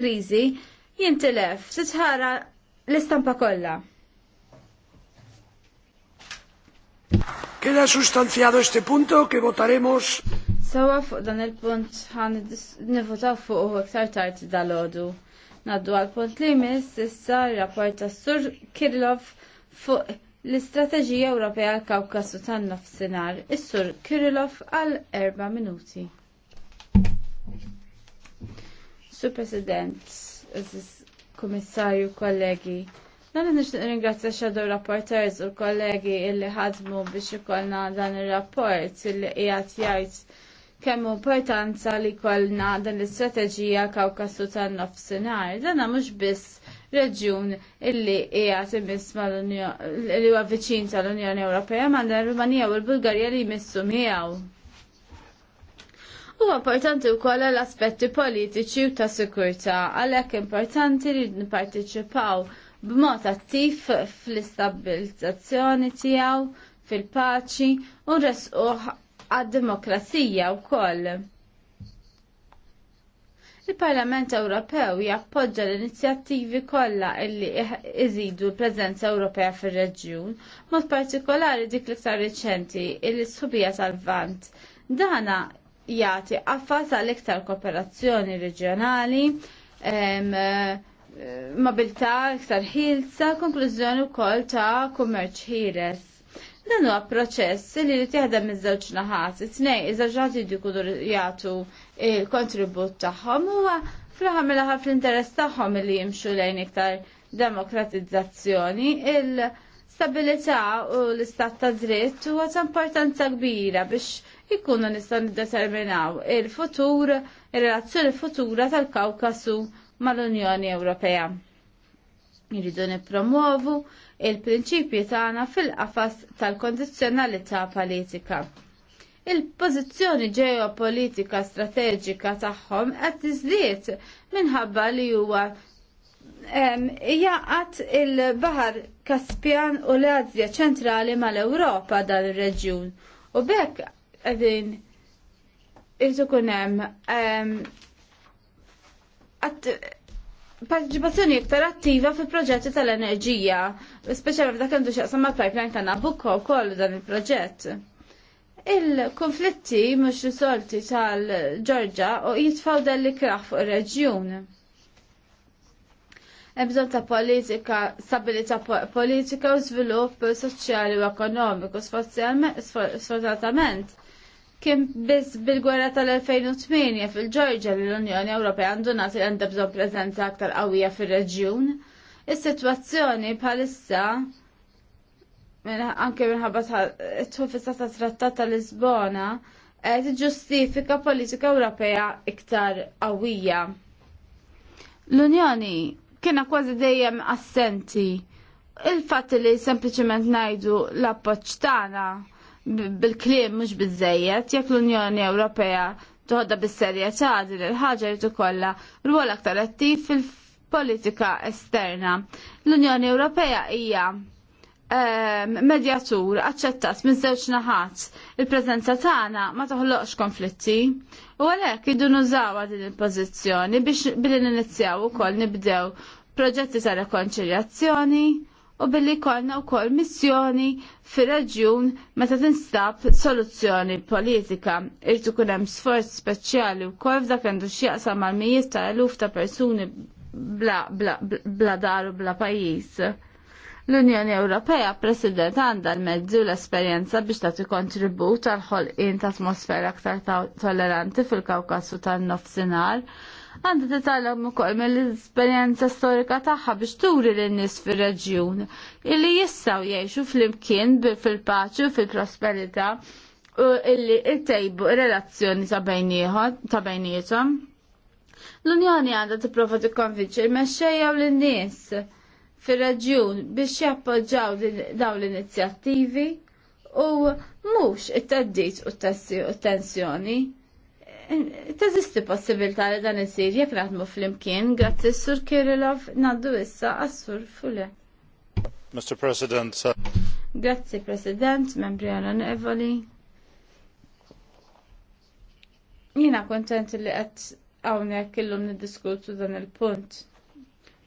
kriżi jintilef titħara l-istampa kollha. Queda sustanciado este punto que votaremos. Sawa fuq dan il-punt ħan nivotaw fuq iktar tart dal-ħodu. Naddu għal-punt li jmiss issa rapport ta' Sur Kirillov fuq l-Istrateġija Ewropea għal-Kawkasu tan-Nofsinhar. Is-Sur Kirillov għal erba' minuti. Su President, Komissarju, kollegi, dan nixtieq ringrazzja xadu Rapporteurs u kollegi illi ħadmu biex ikollna dan ir-rapport illi qiegħed jgħid kemm importanza li kollna dan l-istrateġija Kawkasu tan-nofsinhar. Dan mhux biss reġjun illi imis ma mal-Unjoni li huwa viċin tal-Unjoni Ewropea ma' rumanija u l-Bulgarija li jmissu miegħu. U importanti wkoll l-aspetti politiċi u ta' sikurtà għalhekk importanti li nipparteċipaw b'mod attiv fl-istabilizzazzjoni tiegħu fil-paċi u resquħ għad-demokrazija wkoll. Il-Parlament Ewropew jappoġġa l-inizjattivi kollha illi eh, iżidu l-preżenza Ewropea fir-reġjun, mod partikolari dik l-iktar riċenti s subija tal-Vant. Dana jagħti qaffas għal iktar kooperazzjoni reġjonali, eh, mobilità iktar ħilsa, konklużjoni wkoll ta' kummerċ ħieles. Dan huwa proċess li li tieħdem iż-żewġ naħat, it-tnej iż-żewġ naħat jiddu jagħtu l kontribut tagħhom huwa fl-aħħar mill-aħħar fl-interess tagħhom li jimxu lejn iktar demokratizzazzjoni il- stabilità u l-istat ta' dritt huwa ta' importanza kbira biex ikunu nistgħu niddeterminaw il-futur, ir-relazzjoni futura tal-Kawkasu mal-Unjoni Ewropea. Irridu nippromovu il-prinċipji tagħna fil-qafas tal-kondizzjonalità politika il-pozizjoni ġeopolitika strateġika tagħhom qed iżdied minħabba li huwa għat il-Bahar Kaspjan u l-Azja ċentrali mal-Europa dal-reġjun. U bekk għedin irtu kunem Parteċipazzjoni iktar attiva fil proġetti tal-enerġija, speċjalment f'dak għandu xaqsam mal-pipeline ta' Nabucco koll dan il-proġett. Il-konflitti mhux risolti tal-Ġorġa u jitfaw dalli kraħ fuq ir-reġjun bżonn ta' politika, stabilità politika u żvilupp soċjali u ekonomiku. Sfortunatament kien biss bil-gwerra tal-2008 fil-Ġorġa li l-Unjoni Ewropea għandu nagħti għandha bżonn prezenza aktar qawwija fir-reġjun. Is-sitwazzjoni bħalissa anke minħabba t-tufissa ta' trattat ta' Lisbona, t-ġustifika politika Ewropea iktar qawwija. L-Unjoni kiena kważi dejjem assenti. Il-fatt li sempliciment najdu l-appoċ tagħna bil-kliem mhux biżejjed jekk l-Unjoni Ewropea toħodha bis-serjetà din il-ħaġa li tkollha rwol aktar attiv fil-politika esterna. L-Unjoni Ewropea hija medjatur aċċettat minn żewġ naħat il-preżenza tagħna ma toħloqx konflitti u għalhekk idu nużawha din il-pożizzjoni biex billi ninizjaw ukoll nibdew proġetti ta' rekonċiljazzjoni u billi kollna wkoll missjoni fir-reġjun meta tinstab soluzzjoni politika. Irtu kun hemm sforz speċjali wkoll f'dak għandu x'jaqsam mal-mijiet ta' eluf ta' persuni bla, bla, bla dar u bla pajjiż L-Unjoni Ewropea, President, għandha l-mezzi u l-esperjenza biex tagħti kontribut għal ħolqien ta' atmosfera aktar tolleranti fil-Kawkasu tan-nofsinhar. Għandha titgħallem ukoll mill-esperjenza storika tagħha biex turi lin-nies fir-reġjun illi jistgħu jgħixu flimkien fil-paċi u fil-prosperità u illi ttejbu relazzjoni ta' bejniethom. L-Unjoni għandha tipprova tikkonvinċi l-mexxejja u lin-nies fir-raġjun biex jappoġġaw dawn l-inizjattivi u mhux it-taddit u t-tensjoni. Teżisti possibilità li dan isir jekk naħdmu fl-imkien, grazzi s-Sur Kirilov naddu issa għas-Sur Fule. Mr. President. Grazzi President, membri għalan Evoli. Jina kontent li għat għawnek illum niddiskutu dan il-punt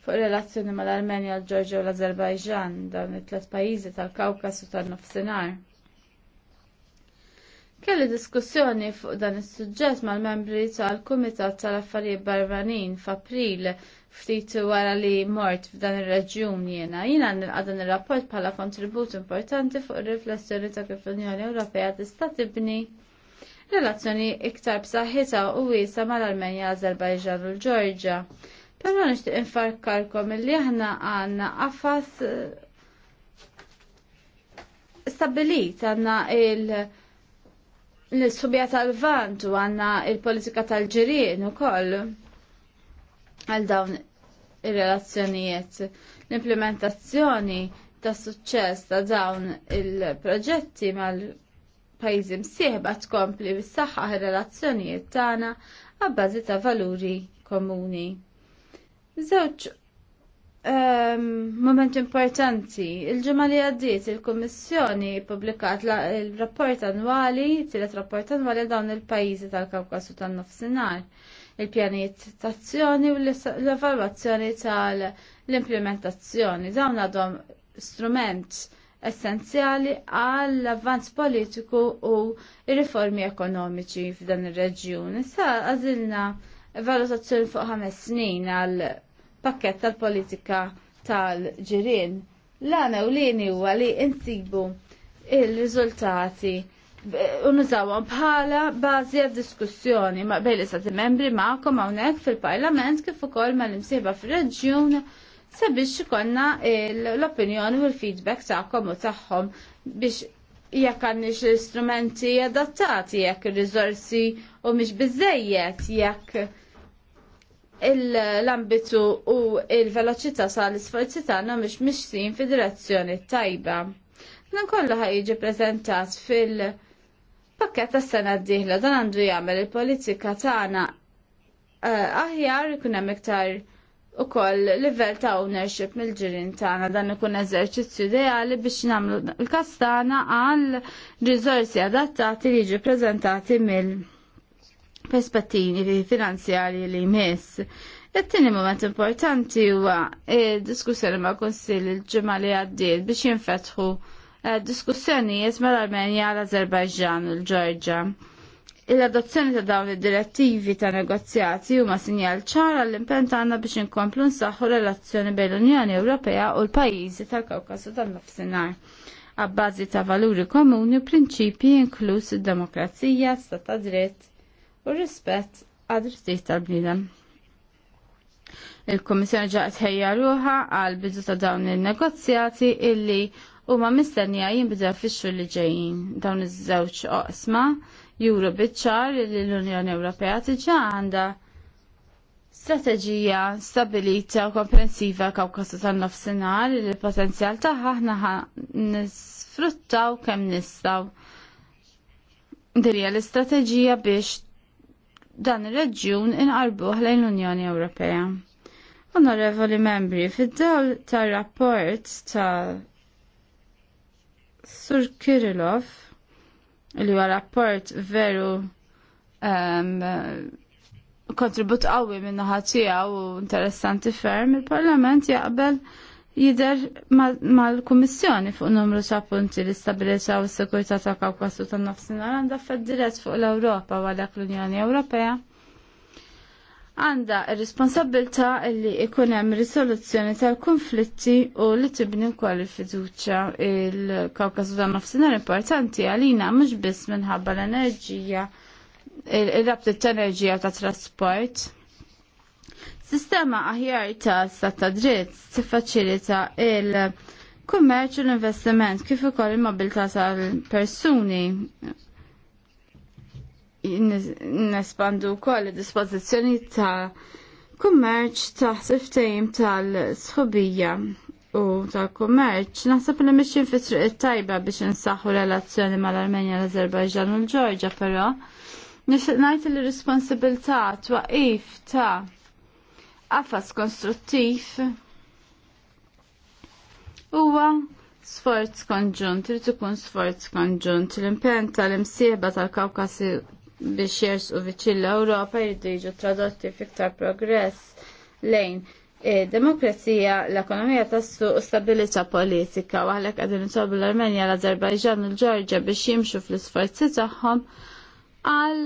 fuq relazzjoni mal-Armenja, l-Ġorġja u l-Azerbajġan, dawn it-tlet pajjiżi tal-Kawkas u tan-Nofsinhar. Kelli diskussjoni fuq dan is-suġġett mal-membri tal-Kumitat tal-Affarijiet Barranin f'April ftit wara li mort f'dan ir-reġjun jiena. Jiena nilqa' dan ir-rapport bħala kontribut importanti fuq ir-riflessjoni ta' kif l-Unjoni Ewropea tista' tibni relazzjoni iktar b'saħħitha u wiesa mal-Armenja, l-Azerbajġan u l-Ġorġja Però nixtieq infarkarkom illi aħna għandna għafas eh, stabilit għandna il- l-subja tal-vant u għanna il-politika tal-ġirien u koll għal dawn il-relazzjonijiet. L-implementazzjoni ta' suċċess ta' dawn il-proġetti mal-pajzi msieħba tkompli bis-saħħa relazzjonijiet tagħna għabbażi ta' valuri komuni. Żewġ ehm, moment importanti, il-ġimgħa li għaddiet il-Kummissjoni publikat il-rapport annwali, tilet rapport annwali dawn il-pajjiżi tal-Kawkasu tan-nofsinhar, il-pjanijiet tazzjoni u l-evalwazzjoni tal-implementazzjoni. Dawn għadhom strument essenzjali għall-avvanz politiku u riformi ekonomiċi f'dan ir-reġjun. Issa għażilna valutazzjoni fuq ħames snin għal pakket tal-politika tal-ġirien. L-għana u l-għini u għali insibu il-rizultati unużawhom bħala bażi għad diskussjoni ma' bejli l membri ma'kom hawnhekk fil-Parlament kif ukoll mal-imsieħba fir-reġjun sabiex ikonna l-opinjoni u l-feedback tagħkom u tagħhom biex jekk għandniex l-istrumenti adattati jekk ir-riżorsi u mhix biżejjed jekk l-ambitu u il-veloċità sa l-isforzi tagħna mhux mixtin fi direzzjoni tajba. Dan kollu ħajġi preżentat fil-pakket tas-sena d-dieħla dan għandu jagħmel il-politika tagħna eh, aħjar ikun hemm iktar u koll level ta' ownership mill-ġirin tagħna dan ikun eżerċizzju ideali biex nagħmlu l-kastana għal riżorsi adattati li jiġu preżentati mill- perspettini finanzjari li jmiss. Il-tini moment importanti huwa il-diskussjoni ma' konsil il-ġimgħa li għaddiet biex jinfetħu eh, diskussjonijiet mal-Armenja l-Azerbajġan u l-Ġorġa. Il-adozzjoni ta' dawn id-direttivi ta' negozjati huma sinjal ċara l-impen tagħna biex inkomplu nsaħħu relazzjoni bejn l-Unjoni Ewropea u l-pajjiżi tal-Kawkasu tan-Nofsinhar għabbażi ta' valuri komuni u prinċipji inkluż id-demokrazija, stat dritt u rispett għad-drittijiet tal-bniedem. Il-Kummissjoni ġaqet ħejja ruħa għal bidu ta' dawn il-negozjati illi huma mistennija jinbdew fix-xhur li ġejjin dawn iż-żewġ oqsma juru biċ-ċar li l-Unjoni Ewropea diġà għandha strateġija stabilita u komprensiva kawkasu tan-nofsinhar li l-potenzjal tagħha aħna nisfruttaw kemm nistgħu. Dirja l-istrateġija biex dan ir-reġjun inqarbuh lejn l-Unjoni Ewropea. Onorevoli membri, fid-dawl tar rapport ta' Sur Kirillov, li huwa rapport veru um, kontribut qawwi min-naħa tiegħu u interessanti ferm, il-Parlament jaqbel jider mal-Kummissjoni fuq numru ta' punti li u is-sekurità ta' Kawkasu ta' nofsinhar għandha fed-dirett fuq l-Ewropa għalhekk l-Unjoni Ewropea għandha r-responsabilità li ikun hemm risoluzzjoni tal-konflitti u li tibni wkoll il-fiduċja il-Kawkasu ta' nofsinhar importanti għalina mhux biss minħabba l-enerġija il rabtet enerġija ta' trasport Sistema aħjar ta' s ta' dritt tiffaċilita il-kummerċ u l-investiment kif ukoll il-mobilità tal-persuni nespandu wkoll id-dispożizzjoni ta' kummerċ ta' siftejm tal-sħobija u tal-kummerċ naħseb li mixin fi triq tajba biex insaħħu relazzjoni mal-Armenja l-Azerbajġan u l-Ġorġa però nixtieq ngħid li responsabilità twaqif ta' għafas konstruttiv huwa sforz konġunt, irid ikun sforz konġunt. L-impenn tal-imsieba tal-Kawkasi biex u viċin l-Ewropa jridu jiġu tradotti fiktar progress lejn e, Demokrazija, l-ekonomija tassu u stabilita politika, u għalek għadin nsobu l-Armenja, l-Azerbajġan u l-Ġorġa biex jimxu fl-isforzi tagħhom għal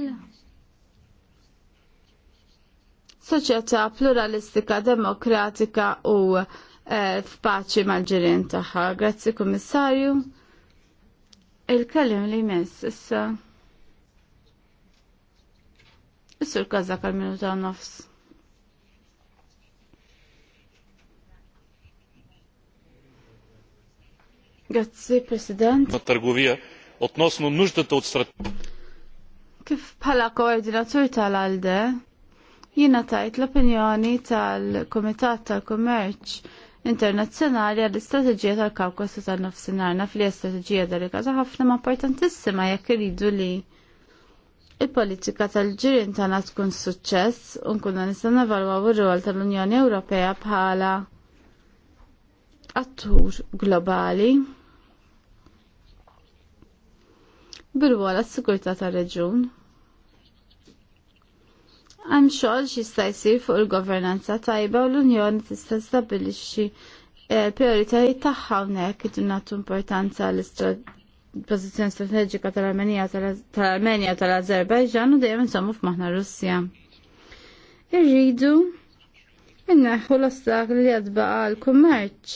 soċjetà pluralistika, demokratika u eh, f'paċi mal-ġirien tagħha. Grazzi Kummissarju. Il-kellim li jmiss issa. Is-sur Kazak għal-minuta nofs. Grazzi, President. Mat-targuvija, otnosnu nuġdata strat. Kif pala koordinatur tal-alde, Jiena tajt l-opinjoni tal-Komitat tal-Kummerċ internazzjonali għall-istrateġija tal-Kawkasu tan nofsinar naf li strateġija delikata ħafna ma importantissima jekk iridu li il-politika tal-ġirien tagħna tkun suċċess u nkunu nista' nevalwaw ir-rol tal-Unjoni Ewropea bħala attur globali bil-rwol għas-sigurtà tar-reġjun. Għam xogħol xista' jsir fuq il-governanza tajba u l-Unjoni tista' stabbilixxi eh, prioritajiet tagħha hawnhekk idu nagħtu importanza l pożizzjoni strateġika tal-Armenija tal-Armenja tal-Azerbajġan u dejjem insommu f'maħna Russja. Irridu inneħħu l-ostakli li għadbaqa l-kummerċ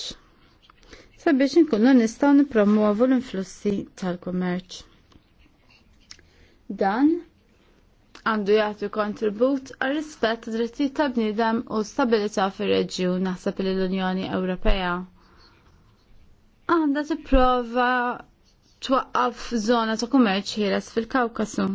sabiex inkunu nistgħu nippromuovu l-influssi tal-kummerċ. Dan għandu jagħti kontribut għal rispett ta' drittijiet ta' bniedem u stabilità fir-reġjun naħseb li l-Unjoni Ewropea. Għandha tipprova twaqqaf żona ta' kummerċ ħieles fil-Kawkasu.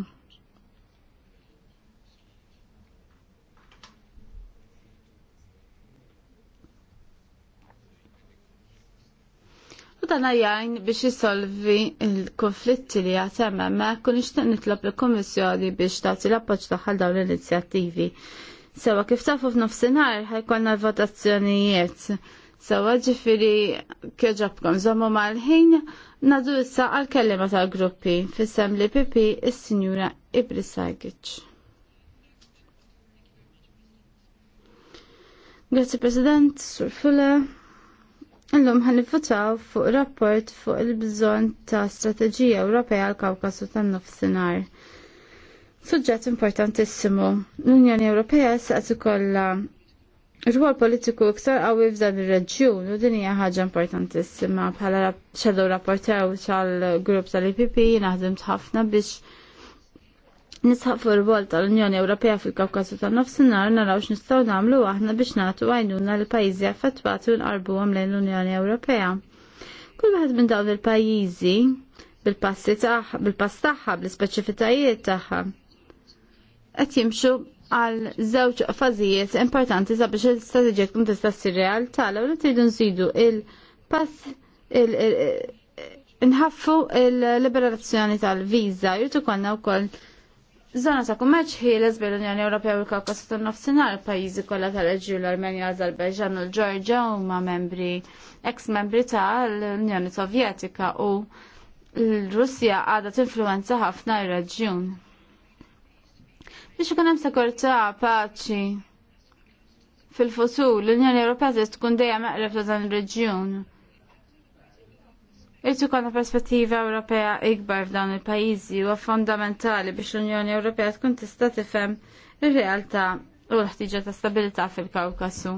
u dan għajn biex jisolvi il-konflitti li għatemma ma kun nixtieq nitlob il-Kummissjoni biex tagħti l-appoġġ tagħha dawn l-inizjattivi. Sewa kif tafu f'nofsinhar ħajkollna votazzjonijiet. Sewa ġifiri kieġobkom żommu mal-ħin nadu issa għal-kellima tal-gruppi fissem li pipi is-Sinjura Ibrisagic. Grazie President, Sur Fuller. Illum ħan votaw fuq rapport fuq il-bżon ta' strategija Ewropea għal kawkasu tan-nofsinhar. Suġġett importantissimu. L-Unjoni Ewropea saqt ikollha rwol politiku iktar qawwi f'dan ir-reġjun u din hija ħaġa importantissima bħala xedew rapportew tal-grupp tal-IPP naħdimt ħafna biex nisħaq fuq il l tal-Unjoni Ewropea fil-Kawkasu tan-Nofsinhar naraw x'nistgħu nagħmlu aħna biex nagħtu għajnuna li pajjiżi affettwati u nqarbuhom lejn l-Unjoni Ewropea. Kull waħed minn dawn il-pajjiżi bil-passi tagħha, bil-pass tagħha, bl-ispeċifitajiet tagħha. Qed jimxu għal żewġ fażijiet importanti sabiex il-strateġija tkun tista' ssir realtà l tridu nżidu il-pass il nħaffu il-liberazzjoni tal-viża, jirtu konna wkoll Zona ta' kummerċ hi l-Unjoni Ewropea u l-Kawkasu ta' nofsinhar pajjiżi kollha tal-Eġju l-Armenja, l azerbejġan u l-Ġorġja huma membri ex-membri tal-Unjoni Sovjetika u l-Russja għadha tinfluwenza ħafna r-reġjun. Biex ikun hemm sekurtà, paċi fil-futur l-Unjoni Ewropea se tkun dejjem meqreb ta' dan ir-reġjun Irtu konna perspettiva Ewropea ikbar f'dawn il-pajjiżi huwa fondamentali biex l-Unjoni Ewropea tkun tista' tifhem ir-realtà u l-ħtiġa ta' stabilità fil-Kawkasu.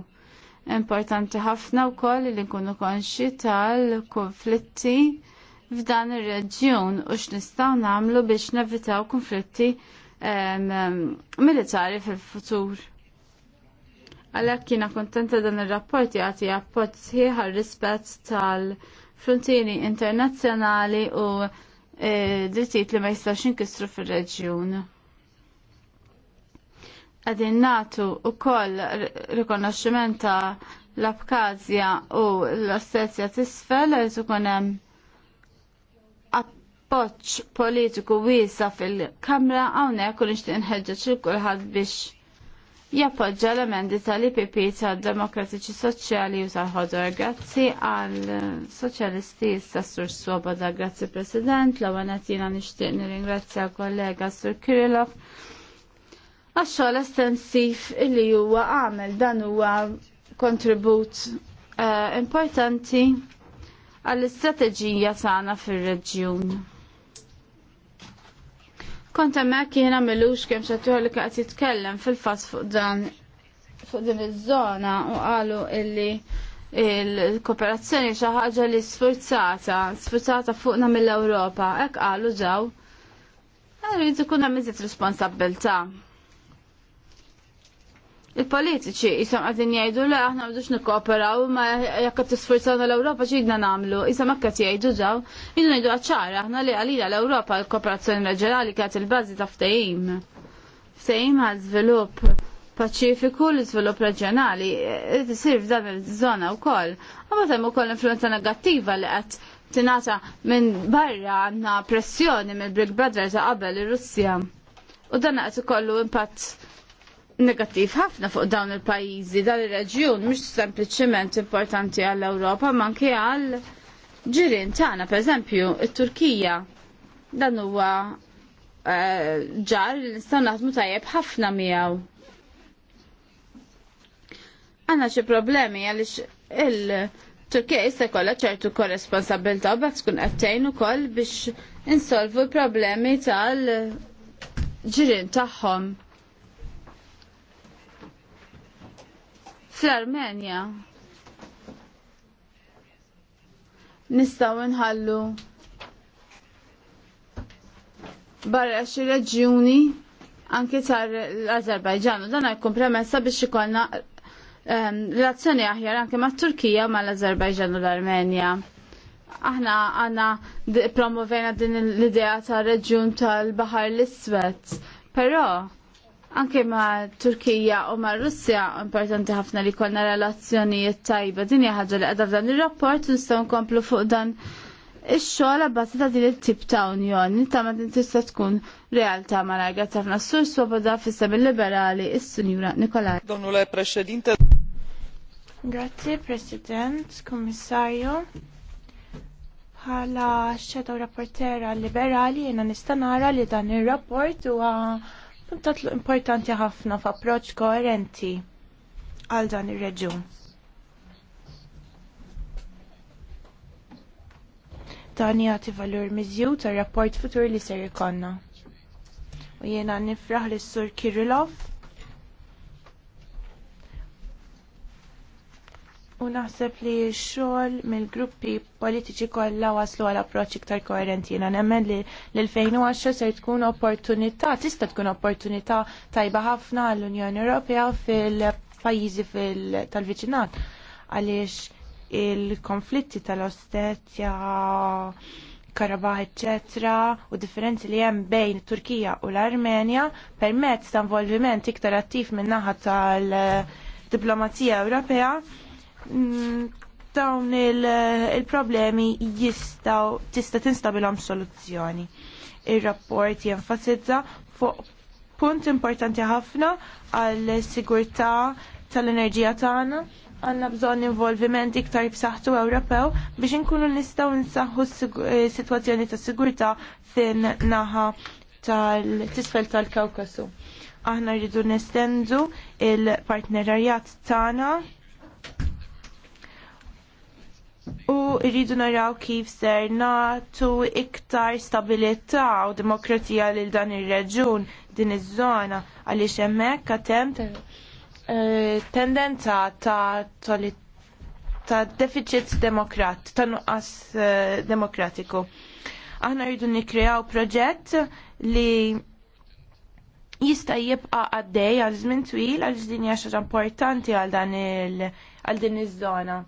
Importanti ħafna wkoll li nkunu konxi tal-konflitti f'dan ir-reġjun u x'nistgħu nagħmlu biex nevitaw konflitti militari fil-futur. Għalhekk jiena kontenta dan ir-rapport jagħti appoġġ sħiħ rispett tal- frontieri internazzjonali u eh, drittijiet li ma jistax inkistru fil-reġjun. Għadin natu u koll rikonoxximenta l-Abkazja u l-Ossetja t-isfel għazu konem appoċ politiku wisa fil-Kamra għawnek u ħedġa nħedġa kulħadd biex jappoġġa l-emendi tal-IPP tad-Demokratiċi Soċjali u tal-ħodor. Grazzi għal soċjalisti issa Sur Swoboda, grazzi President, la ewwel nishtiq nir nixtieq nirringrazzja kollega Sur Kirillov għax-xogħol estensiv illi huwa għamel dan huwa kontribut eh, importanti għall-istrateġija tagħna fir-reġjun. Kont hemmhekk jiena milux kemm xattuħ li qed jitkellem fil fas fuq dan fuq din iż-żona u qalu illi il-kooperazzjoni xi ħaġa li sfurzata, sfurzata fuqna mill-Ewropa, hekk qalu ġaw, Rrid ikun hemm responsabilta il-politiċi jisam għadin jajdu la aħna għadux nikkooperaw ma jekk tisforzawna l-Ewropa xidna namlu jisam għakka jajdu ġaw jinnu jajdu għacċara aħna li għalila l-Ewropa l-kooperazzjoni reġerali kħat il-bazi ta' ftejim ftejim għad zvilup paċifiku l iżvilupp reġerali, jisir f'dan il-żona wkoll. Imma hemm ukoll influenza negattiva li qed tingħata minn barra għandna pressjoni mill-Big Brother ta' qabel ir-Russja. U dan qed ikollu impatt negattiv ħafna fuq dawn il-pajjiżi dal ir-reġjun mhux sempliċement importanti għall ewropa ma anke għal ġirien tagħna, pereżempju, it-Turkija dan huwa eh, ġar li nistgħu naħdmu tajjeb ħafna miegħu. Għandna xi problemi għaliex il-Turkija jista jkollha ċertu korresponsabilta u bekk tkun qed tgħin ukoll biex insolvu l-problemi tal-ġirien tagħhom. Fl-Armenja nistaw nħallu barra xi reġjuni anke tar l-Azerbajġan u dan jkun premessa biex ikollna ehm, relazzjoni aħjar anke mat Turkija mal l-Azerbajġan u l-Armenja. Aħna għandna promovejna din l-idea tar reġjun tal-Baħar l-Iswed, però Anke ma' Turkija u ma' Russja importanti ħafna li kollna relazzjonijiet tajba. Din hija ħaġa li qiegħda f'dan ir-rapport nistgħu nkomplu fuq dan Ix-xogħol abbażi ta' din it-tip ta' unjoni ta' ma din tista' tkun realtà ma ħafna tafna sur swoboda fis-sem liberali is-Sinjura Nikolaj. Domnule preċedinte. Grazie President, Kommissarju. Bħala xedaw rapportera liberali jiena nista' nara li dan ir-rapport huwa tatlu importanti ħafna f'approċċ koerenti għal dan ir reġun Dan jagħti valur miżju tar-rapport futur li ser ikonna. U jiena nifraħ lis sur Kirillov u naħseb li xogħol mill-gruppi politiċi kollha waslu għal approċċ iktar koerenti. Jiena nemmen li l-2010 se tkun opportunità, tista' tkun opportunità tajba ħafna għall-Unjoni Ewropea fil-pajjiżi fil pajjiżi tal viċinat għaliex il-konflitti tal-ostetja Karabah, etc. u differenzi li hemm bejn Turkija u l-Armenja permezz ta' involviment iktar attiv min naħa tal-diplomazija Ewropea Mm, dawn il-problemi jistgħu jistaw tista' tinstabilhom soluzzjoni. Ir-rapport jenfasizza fuq punt importanti ħafna għall sigurtà tal-enerġija tagħna għanna bżon involviment iktar b'saħħtu Ewropew biex inkunu nistgħu nsaħħu s-sitwazzjoni eh, ta' sigurtà fin naħa tal-tisfel tal-Kawkasu. Aħna rridu nestendu il-partnerarjat tagħna u rridu naraw kif ser natu iktar stabilità u demokratija lil dan ir-reġun din iż-żona għaliex hemmhekk għatem eh, tendenza ta' ta' deficit demokrat, ta' nuqqas eh, demokratiku. Aħna rridu nikreaw proġett li jista' jibqa' għaddej għal żmien twil għal din hija xaġa importanti għal dan il għal din iż-żona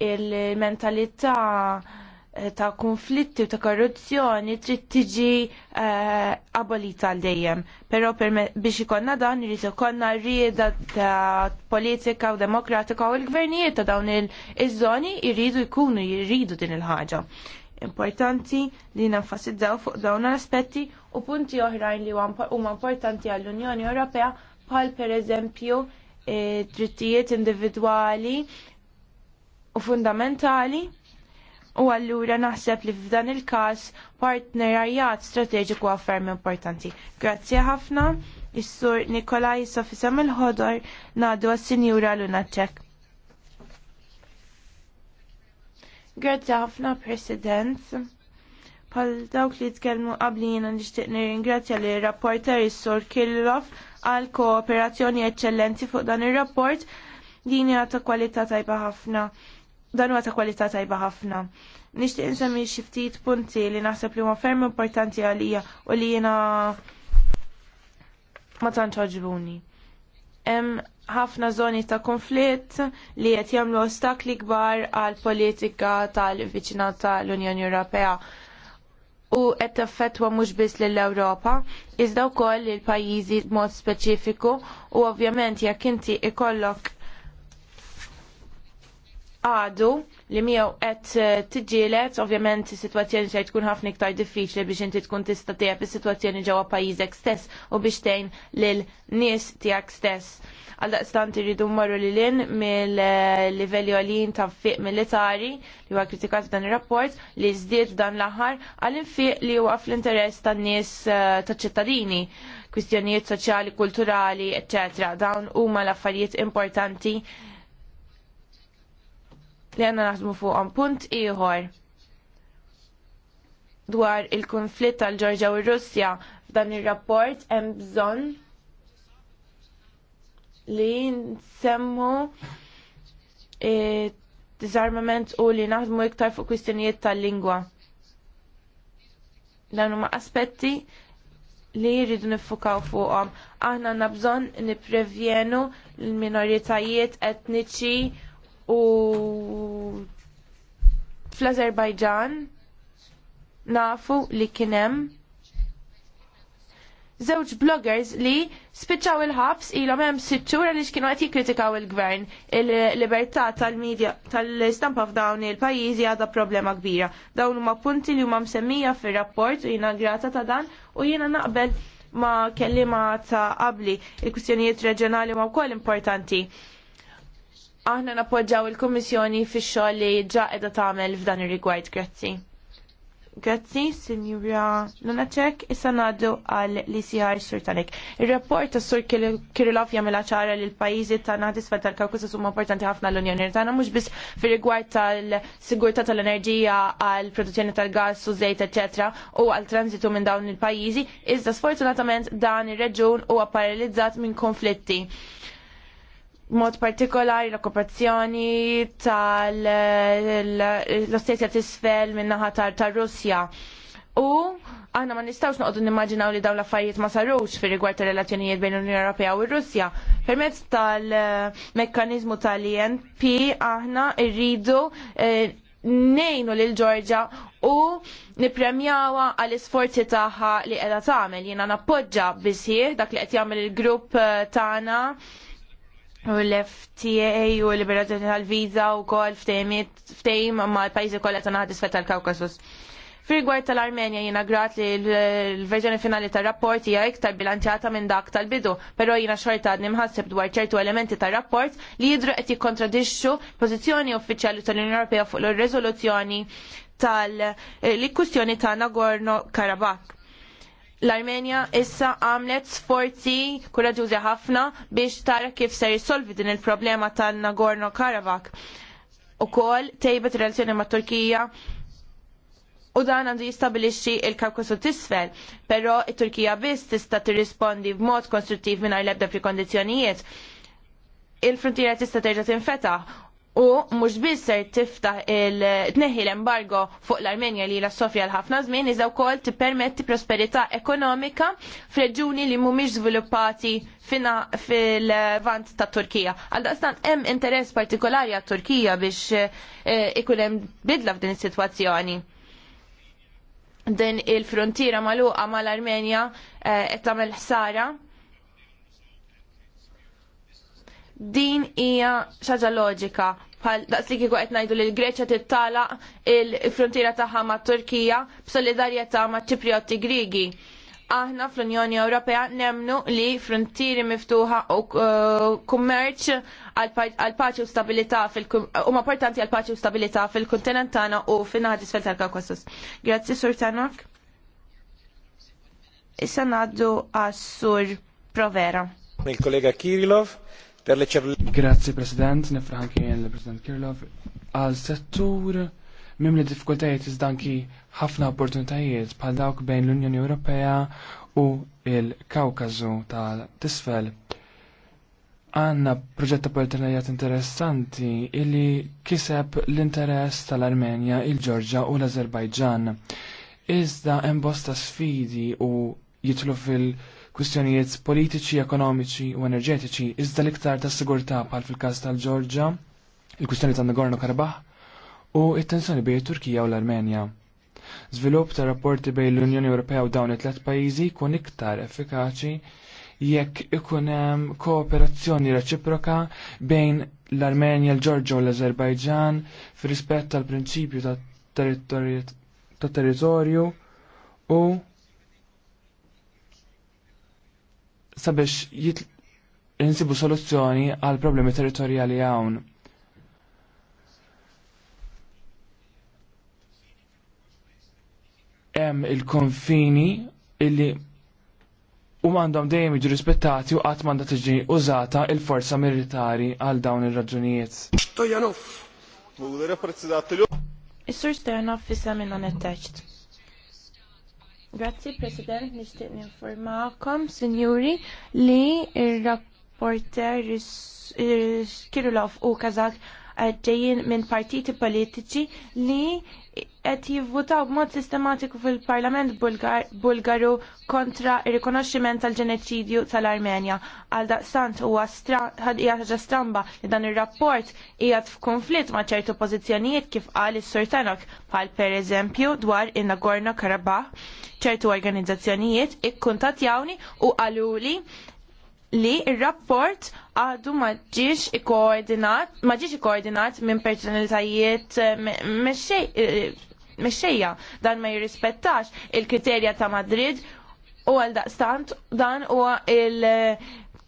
il-mentalità eh, ta' konflitti u ta' korruzzjoni trid tiġi eh, abolita għal dejjem. Però biex ikonna dan irid ikonna rieda ta' politika u demokratika u l-gvernijiet ta' dawn il-żoni jridu jkunu jridu din il-ħaġa. Importanti li nenfasizzaw fuq dawn l-aspetti u punti oħrajn li huma importanti għall-Unjoni Ewropea bħal pereżempju eh, drittijiet individwali u fundamentali u allura naħseb li f'dan il-każ partnerjat strateġiku affermi importanti. Grazzi ħafna, is-sur Nikolaj Sofisam il-ħodor nadu għas-Sinjura Lunaċek. Grazzi ħafna, President. Pal dawk li tkellmu qablina nixtieq nirringrazzja li rapporter is-sur Kirillov għal kooperazzjoni eċċellenti fuq dan ir-rapport din hija ta' kwalità tajba ħafna dan huwa ta' kwalità tajba ħafna. Nixtieq insemmi xi ftit punti li naħseb li huma ferm importanti għalija u li jiena ma tantx ħaġbuni. Hemm ħafna żoni ta' konflitt li qed jagħmlu ostakli kbar għal politika tal-viċinat tal-Unjoni Ewropea u qed taffettwa mhux biss lill-Ewropa, iżda wkoll il-pajjiżi b'mod speċifiku u ovvjament jekk inti ikollok għadu li miegħu qed eh, tiġġieled, ovvjament is-sitwazzjoni se tkun ħafna iktar diffiċli biex inti tkun tista' tiegħek is-sitwazzjoni ġewwa pajjiżek stess u biex tgħin lil nies tiegħek stess. Għaldaqstant irridu mmorru lil in mill-livelli eh, għalin ta' fiq militari li huwa kritikat f'dan ir-rapport li żdied dan l-aħħar għal infiq li huwa fl-interess tan-nies eh, taċ-ċittadini kwistjonijiet soċjali, kulturali, eccetera. Dawn huma l-affarijiet importanti li għanna naħdmu fuqhom. Punt ieħor dwar il-konflitt tal-Ġorġa u r-Russja f'dan ir-rapport hemm bżonn li nsemmu eh, disarmament u li naħdmu iktar fuq kwistjonijiet tal-lingwa. Dan huma aspetti li jridu nifukaw fuqhom. Aħna għandna bżonn nipprevjenu l-minoritajiet etniċi u fl-Azerbajġan nafu li kienem żewġ bloggers li spiċċaw il-ħabs ilhom hemm sitt xhur għaliex kienu qed jikkritikaw il-gvern. Il-libertà tal-medja tal-istampa f'dawn il-pajjiżi għadha problema kbira. Dawn huma punti li huma msemmija fir-rapport u jiena grata ta' dan u jiena naqbel ma' kellima ta' qabli. Il-kwistjonijiet reġjonali ma' wkoll importanti aħna nappoġġaw il-Kummissjoni fix-xogħol li ġa qiegħda tagħmel f'dan ir-rigward. Grazzi. Grazzi, Sinjura Lunaċek, issa ngħaddu għal l-ICR Tanek. Ir-rapport tas Sur Kirilov jagħmilha ċara li l-pajjiżi tagħna tisfel tal-Kawkasus huma importanti ħafna l-Unjoni Irtana, mhux biss fir-rigward tal-sigurtà tal-enerġija għal produzzjoni tal-gass u żejt eċetera u għal transitu minn dawn il-pajjiżi, iżda sfortunatament dan ir-reġun huwa paralizzat minn konflitti mod partikolari l-okkupazzjoni tal isfel tisfel minnaħa tal-Russja. U aħna ma nistawx noqdu nimmaġinaw li dawn l-affarijiet ma sarux fi rigward tal-relazzjonijiet bejn l-Unjoni Ewropea u r-Russja. Permezz tal-mekkanizmu tal-INP aħna rridu eh, nejnu lil Ġorġa u nipremjawa għal isforzi tagħha li qiegħda tagħmel. Jiena nappoġġa bisih dak li qed jagħmel il-grupp eh, tagħna U l-FTA u l-liberazzjoni tal-viza u kol ftejm ma l-pajzi kollha ta' naħdisfet tal-Kawkasus. Fir-rigward tal-Armenja jiena grat li l-verżjoni finali tar-rapport hija iktar bilanċjata minn dak tal-bidu, però jiena xorta għadni mħasseb dwar ċertu elementi tar-rapport li jidru qed jikkontradixxu pożizzjoni uffiċjali tal-Unjoni Ewropea fuq l-riżoluzzjoni tal-kustjoni eh, ta' Nagorno-Karabakh l-Armenja issa għamlet sforzi kuraġuzi ħafna biex tara kif se jisolvi din il-problema tal-Nagorno Karabakh. U kol tejbet relazzjoni ma' Turkija u dan għandu jistabilixxi il kawkusu tisfel, però il turkija biss tista' tirrispondi b'mod konstruttiv mingħajr l-ebda kondizjonijiet. Il-frontiera tista' terġa' tinfetaħ u mhux biss ser tiftaħ il-tneħi l-embargo fuq l-Armenja li l sofja l-ħafna żmien iżda wkoll tippermetti prosperità ekonomika f'reġuni li mhumiex żviluppati fil-vant ta' Turkija. Għal daqstant hemm interess partikolari għat Turkija biex eh, ikun hemm bidla f'din is-sitwazzjoni din il-frontiera maluqa mal-Armenja eh, qed tagħmel ħsara Din hija xaġa loġika bħal daqs li kiku qed ngħidu li l-Greċja tittala il-frontiera tagħha mat Turkija b'solidarjetà maċ ċiprioti Grigi aħna fl-Unjoni Ewropea nemnu li frontieri miftuħa u eh, kummerċ għal paċi u stabilità huma importanti għal paċi u stabilità fil kontinentana tagħna u fil-naħdis fil tal Grazzi Sur Tanok. Issa naddu għas-Sur Provera. Il-kollega Kirilov, Grazie President, nifraħan kien l-President Kirlov. Għal settur mim li diffikultajiet izdanki ħafna opportunitajiet bħal dawk bejn l-Unjoni Ewropea u il kaukazu tal-Tisfel. Għanna proġetta ta' partenarjat interessanti illi kiseb l-interess tal-Armenja, il-Ġorġa u l-Azerbajġan. Iżda hemm bosta sfidi u jitlu fil- kwistjonijiet politiċi, ekonomiċi u enerġetiċi, iżda l-iktar ta' sigurtà bħal fil-każ tal-Ġorġa, il-kwistjoni ta' Nagorno Karabah u it-tensjoni bejn Turkija u l-Armenja. Żvilupp ta' rapporti bejn l-Unjoni Ewropea u dawn it-tlet pajjiżi kun iktar effikaċi jekk ikun hemm kooperazzjoni reċiproka bejn l-Armenja, l-Ġorġa u l-Azerbajġan fir-rispett tal-prinċipju ta' territorju u sabiex jinsibu soluzzjoni għal problemi territorjali hawn. Hemm il-konfini illi u għandhom dejjem jiġu rispettati u qatt m'għandha tiġi użata il-forza militari għal dawn ir-raġunijiet. Is-Sur Stojanov fissa minn nettaċt. Grazzi, President, nishtiq ninformakom, Sinjuri, li il-rapporter lof u Kazak ġejjin minn partiti politiċi li qed jivvutaw b'mod sistematiku fil-Parlament Bulgar Bulgaru kontra r rikonoxximent tal-ġeneċidju tal-Armenja. Għal daqstant huwa ħadqija ħaġa stramba li dan ir-rapport qiegħed f'konflitt ma' ċertu pożizzjonijiet kif qal is-Sur Tanok bħal pereżempju dwar in-Nagorno Karabakh ċertu organizzazzjonijiet ikkuntatjawni u qaluli li il-rapport għadu maġiġ ikkoordinat, maġġiex ikkoordinat minn personalitajiet eh, meċċeja eh, dan ma jirrispettax il-kriterja ta' Madrid u għal daqstant dan u il- eh,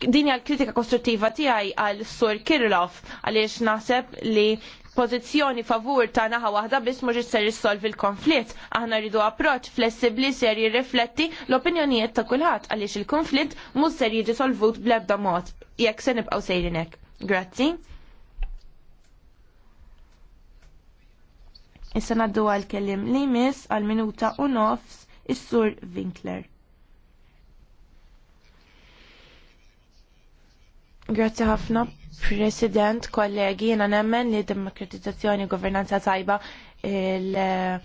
dinja l-kritika kostruttiva tiegħi għal Sur Kirloff għaliex naħseb li pożizzjoni favur ta' naħa waħda biss mhux isser issolvi l-konflitt. Aħna rridu approċċ flessibbli ser jirrifletti l-opinjonijiet ta' kulħadd għaliex il-konflitt mhux ser jiġi solvut bl-ebda mod jekk se nibqgħu sejrinek. Grazzi. Issa naddu għal-kellim li jmiss għal minuta u nofs is-sur Winkler. Grazzi ħafna, President, kollegi, jena nemmen li demokratizzazzjoni governanza tajba il-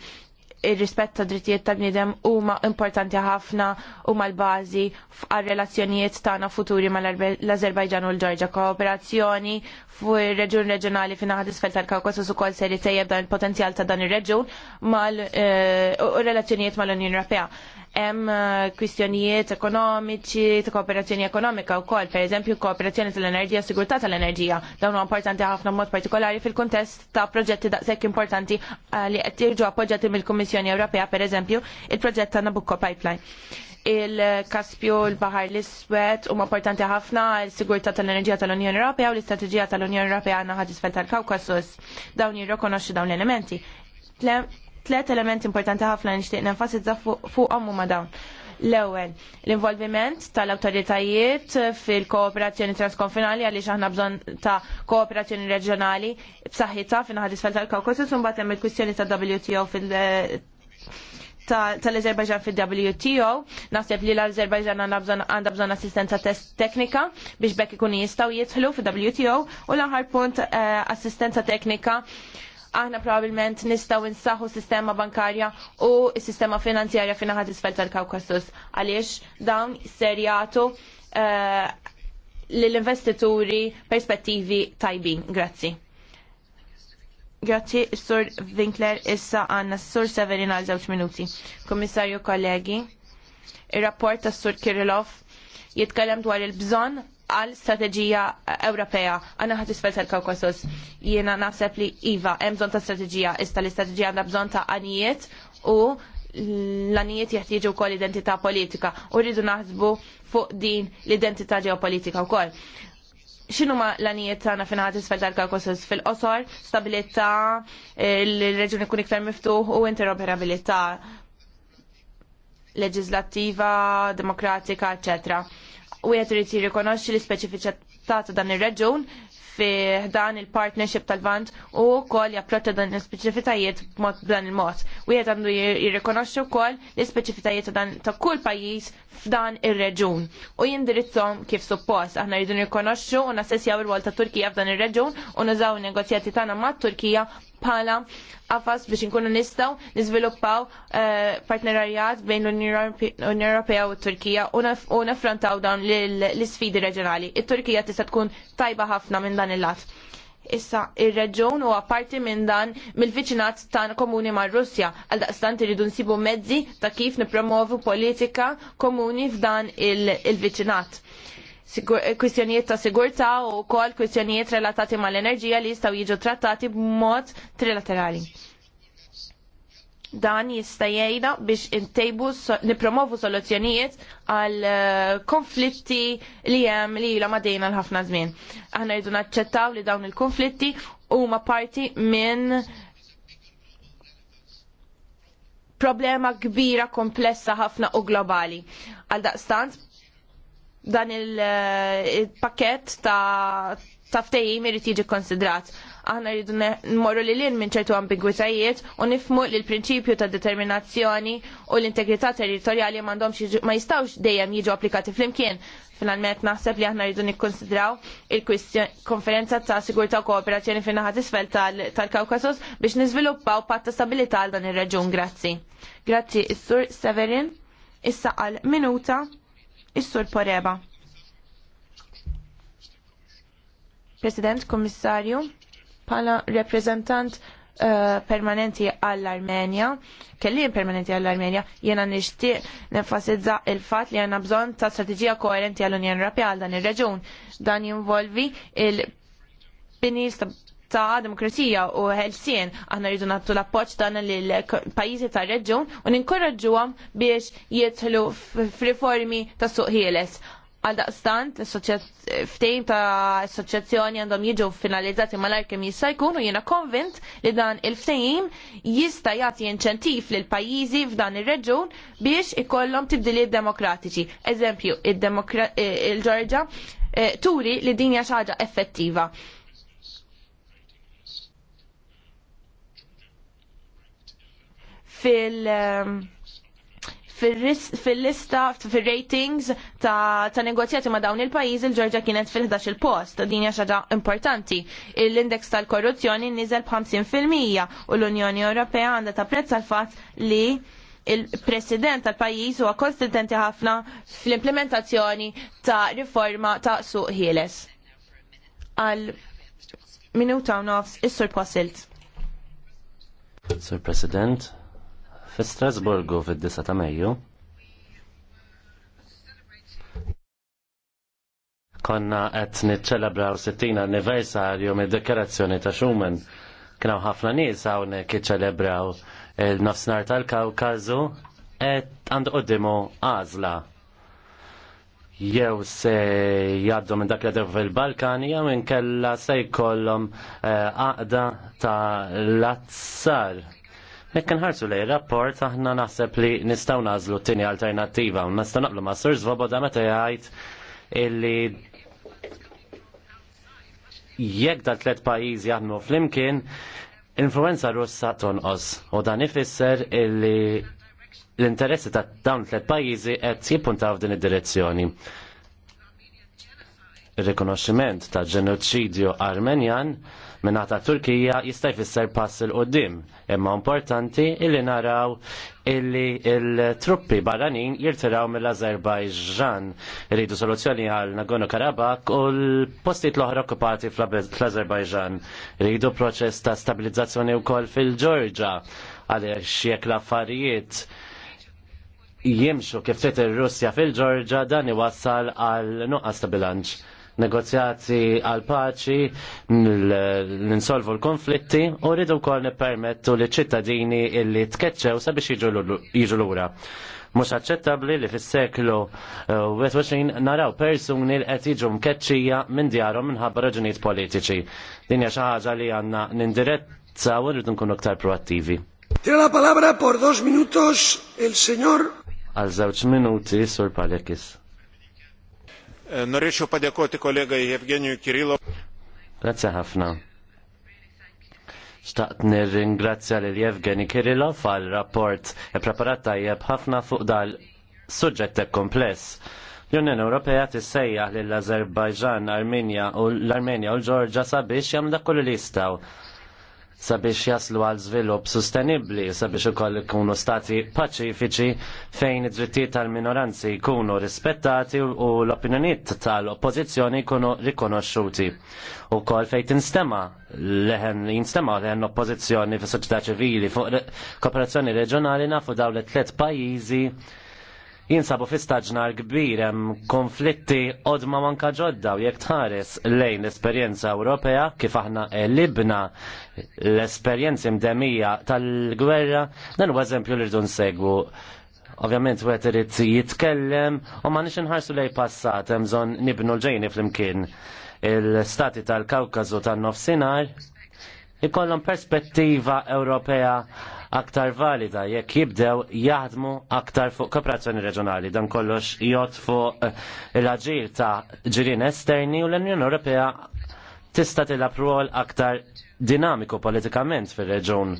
ir-rispett ta' drittijiet tal-bniedem huma importanti ħafna u l bażi għal relazzjonijiet tagħna futuri mal-Azerbajġan u l-Ġorġa. Kooperazzjoni fuq reġjun reġjonali fin naħa isfel tal u kol seri tajjeb dan il-potenzjal ta' dan ir-reġjun l eh, relazzjonijiet mal-Unjoni Europea hemm eh, kwistjonijiet ekonomiċi, ta' kooperazzjoni ekonomika wkoll, pereżempju kooperazzjoni tal-enerġija, sigurtà tal-enerġija. Dawn huwa importanti ħafna mod partikolari fil-kuntest ta' proġetti daqshekk importanti eh, li qed jiġu appoġġjati mill-Kummissjoni Ewropea, pereżempju il-proġett ta' Nabucco Pipeline il-Kaspju, l-Bahar l-Iswed huma importanti ħafna l-sigurtà tal-enerġija tal-Unjoni Ewropea u l-istrateġija tal-Unjoni Ewropea għandna ħadisfel tal-Kawkasus. Dawn jirrikonoxxu dawn l-elementi tlet elementi importanti ħafna nixtieq nenfasizza fuqhom huma dawn. L-ewwel, l-involviment tal-awtoritajiet fil-kooperazzjoni transkonfinali għaliex aħna bżonn ta' kooperazzjoni reġjonali b'saħħitha fin ħadisfel tal-Kawkasus u mbagħad hemm il-kwistjoni ta' WTO fil- tal-Azerbajġan fil-WTO. Naħseb li l-Azerbajġan għandha bżonn assistenza teknika biex bekk ikun jistgħu jidħlu fil-WTO u l-aħħar punt eh, assistenza teknika aħna probabbilment nistgħu nsaħħu sistema bankarja u s-sistema finanzjarja fina ħad isfel tal-Kawkasus għaliex dawn serjatu eh, l-investituri perspettivi tajbin. Grazzi. Grazzi, Sur Winkler, issa għanna Sur Severin għal żewġ minuti. Komissarju kollegi, il-rapport ta' Sur Kirillov jitkellem dwar il-bżon għal strateġija Ewropea għanna ħat isfel tal-Kaukasus. Jiena naħseb li Iva, hemm bżonn ta' strateġija, ista' li strategija għandha bżonn ta' għanijiet u l-għanijiet jeħtieġu wkoll identità politika u rridu naħsbu fuq din l-identità ġeopolitika wkoll. Xinu ma l-għanijiet tagħna fin ħat isfel tal-Kaukasus fil-qosor, stabilità, l reġuni ikun iktar miftuħ u interoperabilità leġislattiva, demokratika, eccetera u għet rriti jirrikonoxxi l-speċifiċità ta' dan ir-reġun fi dan il-partnership tal-vant u kol japprotta dan l-speċifitajiet b'dan il-mod. U jgħet għandu jirrikonoxxu kol l-speċifitajiet ta' kull pajis f'dan il-reġun. U jindirizzom kif suppost. Aħna jridu nirrikonoxxu u nasessjaw il-wol ta' Turkija f'dan il-reġun u nużaw negozjati tagħna ma' Turkija bħala għafas biex inkunu nistaw nizviluppaw eh, partnerarjat bejn l-Unjoni Ewropea u t-Turkija u naffrontaw dawn l-sfidi reġjonali. It-Turkija tista' tkun tajba ħafna minn dan il-lat. Issa, il reġun huwa parti minn dan mill-viċinat tan komuni mar russja għal daqstant iridu nsibu mezzi ta' kif nipromovu politika komuni f'dan il-viċinat. il il viċinat Eh, kwistjonijiet ta' sigurtà u wkoll kwistjonijiet relatati mal-enerġija li jistgħu jiġu trattati b'mod trilaterali. Dan jista' biex intejbu nippromovu soluzzjonijiet għal eh, konflitti li hemm li jila maddejna l ħafna żmien. Aħna jidu naċċettaw li dawn il-konflitti huma parti minn problema kbira, komplessa ħafna u globali. Għal daqstant, dan il-pakket eh, ta' ta' ftejim irid jiġi konsidrat. Aħna rridu nmorru li lin minn ċertu ambigwitajiet u nifmu li l-prinċipju ta' determinazzjoni u l-integrità territorjali m'għandhomx ma jistgħux dejjem jiġu applikati flimkien. Finalment naħseb li aħna rridu nikkonsidraw il-konferenza ta' sigurta u kooperazzjoni fin naħat isfel tal kaukasus biex niżviluppaw pat ta' stabilità għal dan ir reġun Grazzi. Grazzi is-Sur Severin. Issa għal minuta Is-Sur Poreba. President, Kommissarju, pala reprezentant uh, permanenti għall-Armenja, kelli permanenti għall-Armenja, jena nishtiq nefasizza il-fat li jena bżon ta' strategija koerenti għall-Unjon Europea għal dan il-reġun. Dan jinvolvi il-bini ta' demokrazija u ħelsien aħna rridu nagħtu l-appoġġ tagħna lil pajjiżi tar-reġjun u ninkoraġġuhom biex jidħlu f'riformi ta' suq ħieles. Għal daqstant, ftejn ta' assoċjazzjoni għandhom jiġu finalizzati malajr kemm jista' jkun u jiena konvint li dan il-ftehim jista' jagħti inċentiv lil pajjiżi f'dan ir-reġjun biex ikollhom tibdiliet demokratiċi. Eżempju, eh, il-Ġorġa eh, turi li dinja xaġa effettiva fil- um, fil-lista, fil-ratings ta', ta negozjati ma' dawn il-pajiz il-ġorġa kienet fil-11 il-post. Din hija xaġa importanti. L-index tal-korruzzjoni niżel b'50% u l-Unjoni Ewropea għandha tapprezza l-fatt li il-president tal-pajjiż huwa konsistenti ħafna fl-implementazzjoni ta' riforma ta' suq ħieles. Għal minuta u nofs is-sur Posilt. Sir President, Fi Strasburgu fid-9 ta' Mejju konna qed niċċelebraw 60 anniversarju mid dekorazzjoni ta' Schumann. hawn ħafna nies hawnhekk iċċelebraw il-nofsinhar tal-Kawkażu qed għandu quddimu għażla. Jew se jgħaddu minn dak li fil-Balkani jew inkella se jkollhom eh, għaqda ta' l-azzar Jekk nħarsu li rapport aħna naħseb li nistgħu nażlu t tini alternattiva u nistgħu naqblu ma' Sir Zvoboda meta jgħid illi jekk dal tliet pajjiżi jaħdmu flimkien, influenza russa tonqos u dan ifisser illi l-interessi ta' dawn tliet pajjiżi qed jippuntaw f'din id-direzzjoni. rikonoxximent ta' ġenoċidju Armenjan minnata Turkija jista' jfisser pass il qoddim imma importanti illi naraw illi il-truppi barranin jirtiraw mill-Azerbajġan rridu soluzzjoni għal Nagorno Karabakh u l-postit l-oħra okkupati fl-Azerbajġan rridu proċess ta' stabilizzazzjoni wkoll fil-Ġorġa għaliex jekk l-affarijiet jimxu kif trid ir-Russja fil-Ġorġa dan iwassal għal nuqqas ta' bilanċ negozjati għal paċi, ninsolvu l-konflitti u rridu wkoll nippermettu li ċittadini illi tkeċċew sabiex jiġu lura. Mhux aċċettabbli li fis-seklu 21 eh, naraw persuni li qed jiġu mkeċċija minn djarhom minħabba raġunijiet politiċi. Din hija xi ħaġa li għandna nindirezza u rridu nkunu aktar proattivi. Tiene la palabra por dos minutos el señor. Għal żewġ minuti, Sur Palekis. E, norėčiau padėkoti kolegai Evgenijui Kirilo. Grazie ħafna. Staqt nirringrazzja li Evgeni Kirillov għal rapport e preparat tajjeb ħafna fuq dal suġġett e kompless. L-Unjoni Ewropea tissejjaħ lill-Azerbajġan, Armenja u l-Armenja u l-Ġorġa sabiex jagħmlu dak kollu li jistgħu sabiex jaslu għal żvilupp sostenibbli sabiex ukoll ikunu stati paċifiċi fejn id-drittijiet tal-minoranzi jkunu rispettati u l-opinjonijiet tal-oppożizzjoni jkunu rikonoxxuti. Ukoll fejn tinstema leħen jinstema leħen oppożizzjoni fis soċjetà ċivili fuq kooperazzjoni reġjonali nafu dawn it tliet pajjiżi jinsabu fi staġnar kbir hemm konflitti qodma manka ġodda u jekk tħares lejn l-esperjenza Ewropea kif aħna libna l-esperjenzi mdemija tal-gwerra dan huwa eżempju li rridu nsegwu ovvjament wieħed irid jitkellem u ma nix inħarsu lej passat hemm bżonn nibnu l-ġejni flimkien il-stati tal-Kawkażu tan-nofsinhar ikollhom perspettiva Ewropea aktar valida jekk jibdew jaħdmu aktar fuq kooperazzjoni reġjonali dan kollox jgħod fuq eh, il-aġir ta' ġirien esterni u l-Unjoni Ewropea tista' tilab rwol aktar dinamiku politikament fir-reġun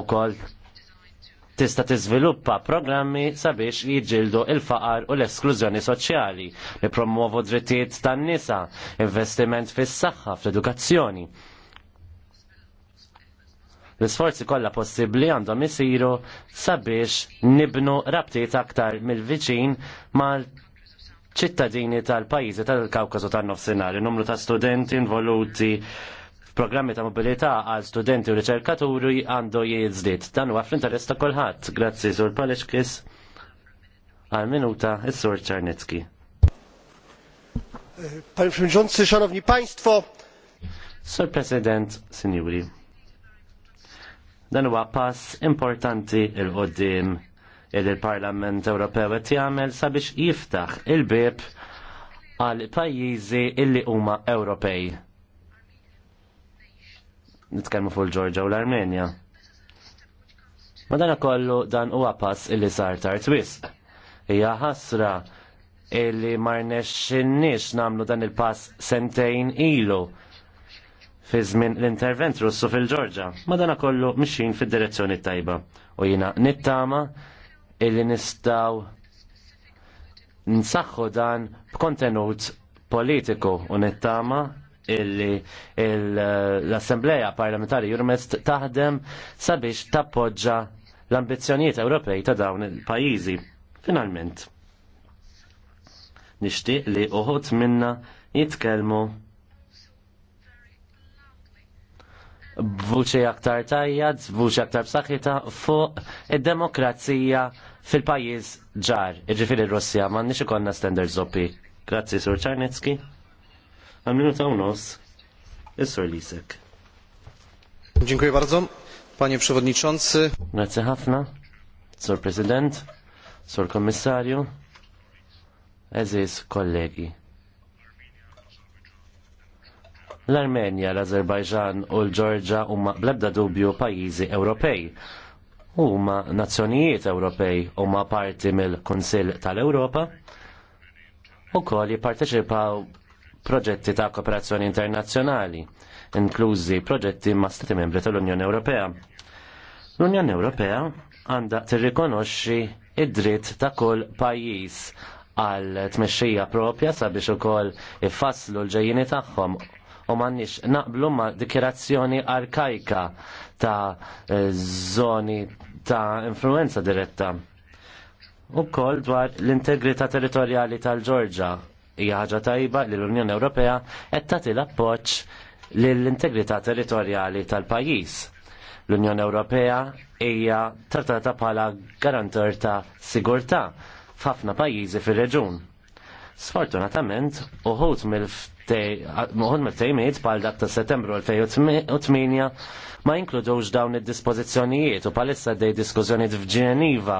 ukoll tista' tiżviluppa programmi sabiex jiġġieldu il-faqar u l-esklużjoni soċjali li promuovu drittijiet tan-nisa, investiment fis-saħħa, fl-edukazzjoni. L-isforzi kollha possibbli għandhom isiru sabiex nibnu rabtiet aktar mill-viċin mal ċittadini tal-pajjiżi tal-Kawkażu tan-nofsinhar, numru ta' studenti involuti f'programmi ta' mobilità għal studenti u riċerkaturi għandu jiżdied. Dan huwa fl-interess ta' kulħadd. Grazzi sur Palexkis għal minuta is-sur Czarnecki. Panie Przewodniczący, Szanowni Państwo! Sir President, Signori. Dan huwa pass importanti il-qoddim il qoddim il parlament Ewropew qed jagħmel sabiex jiftaħ il-bib għal pajjiżi illi huma Ewropej. Nitkellmu fuq il-Ġorġa u l-Armenja. Ma dan kollu dan huwa pass illi sar tard wisq. Hija ħasra illi ma rnexxinniex nagħmlu dan il-pass sentejn ilu fi żmien l-intervent Russu fil-Ġorġa. Madana kollu mixin fil direzzjoni tajba u jina nittama illi nistaw nsaħħu dan b'kontenut politiku u nittama illi l-Assembleja Parlamentari Jurmest taħdem sabiex tappoġġa l-ambizzjonijiet Ewropej ta' dawn il-pajjiżi. Finalment. Nixtieq li uħut minna jitkellmu b'vuċi aktar tajja, b'vuċi aktar b'saħħita fuq id-demokrazija fil-pajjiż ġar, iġifieri r-Russja, m'għandniex ikollna stender zoppi. Grazzi Sur Czarnecki. Għal minuta u nos, is-Sur Lisek. Dziękuję bardzo, panie przewodniczący. Grazie ħafna, Sur President, Sur Kommissarju, eżis kollegi. L-Armenja, l-Azerbajġan u l-Ġorġa huma bl-ebda dubju pajjiżi Ewropej. Huma nazzjonijiet Ewropej huma parti mill-Kunsill tal-Ewropa u koll jipparteċipaw proġetti ta' kooperazzjoni internazzjonali, inklużi proġetti ma' stati membri tal-Unjoni Ewropea. L-Unjoni Ewropea għandha tirrikonoxxi id-dritt ta' kull pajjiż għal tmexxija propja sabiex ukoll ifasslu l-ġejjini tagħhom u m'għandniex naqblu ma' dikjerazzjoni arkaika ta' eh, zoni ta' influenza diretta. U koll dwar l-integrità territorjali tal-Ġorġa hija ħaġa tajba li l-Unjoni Ewropea qed tagħti l-appoġġ lill-integrità territorjali tal-pajjiż. L-Unjoni Ewropea hija trattata bħala garantur ta' sigurtà f'ħafna pajjiżi fir-reġun. Sfortunatament, uħut mill ftejmiet pal dak ta' settembru 2008 ma jinkludux dawn id-dispożizzjonijiet u palissa dej diskużjoni f'Ġeniva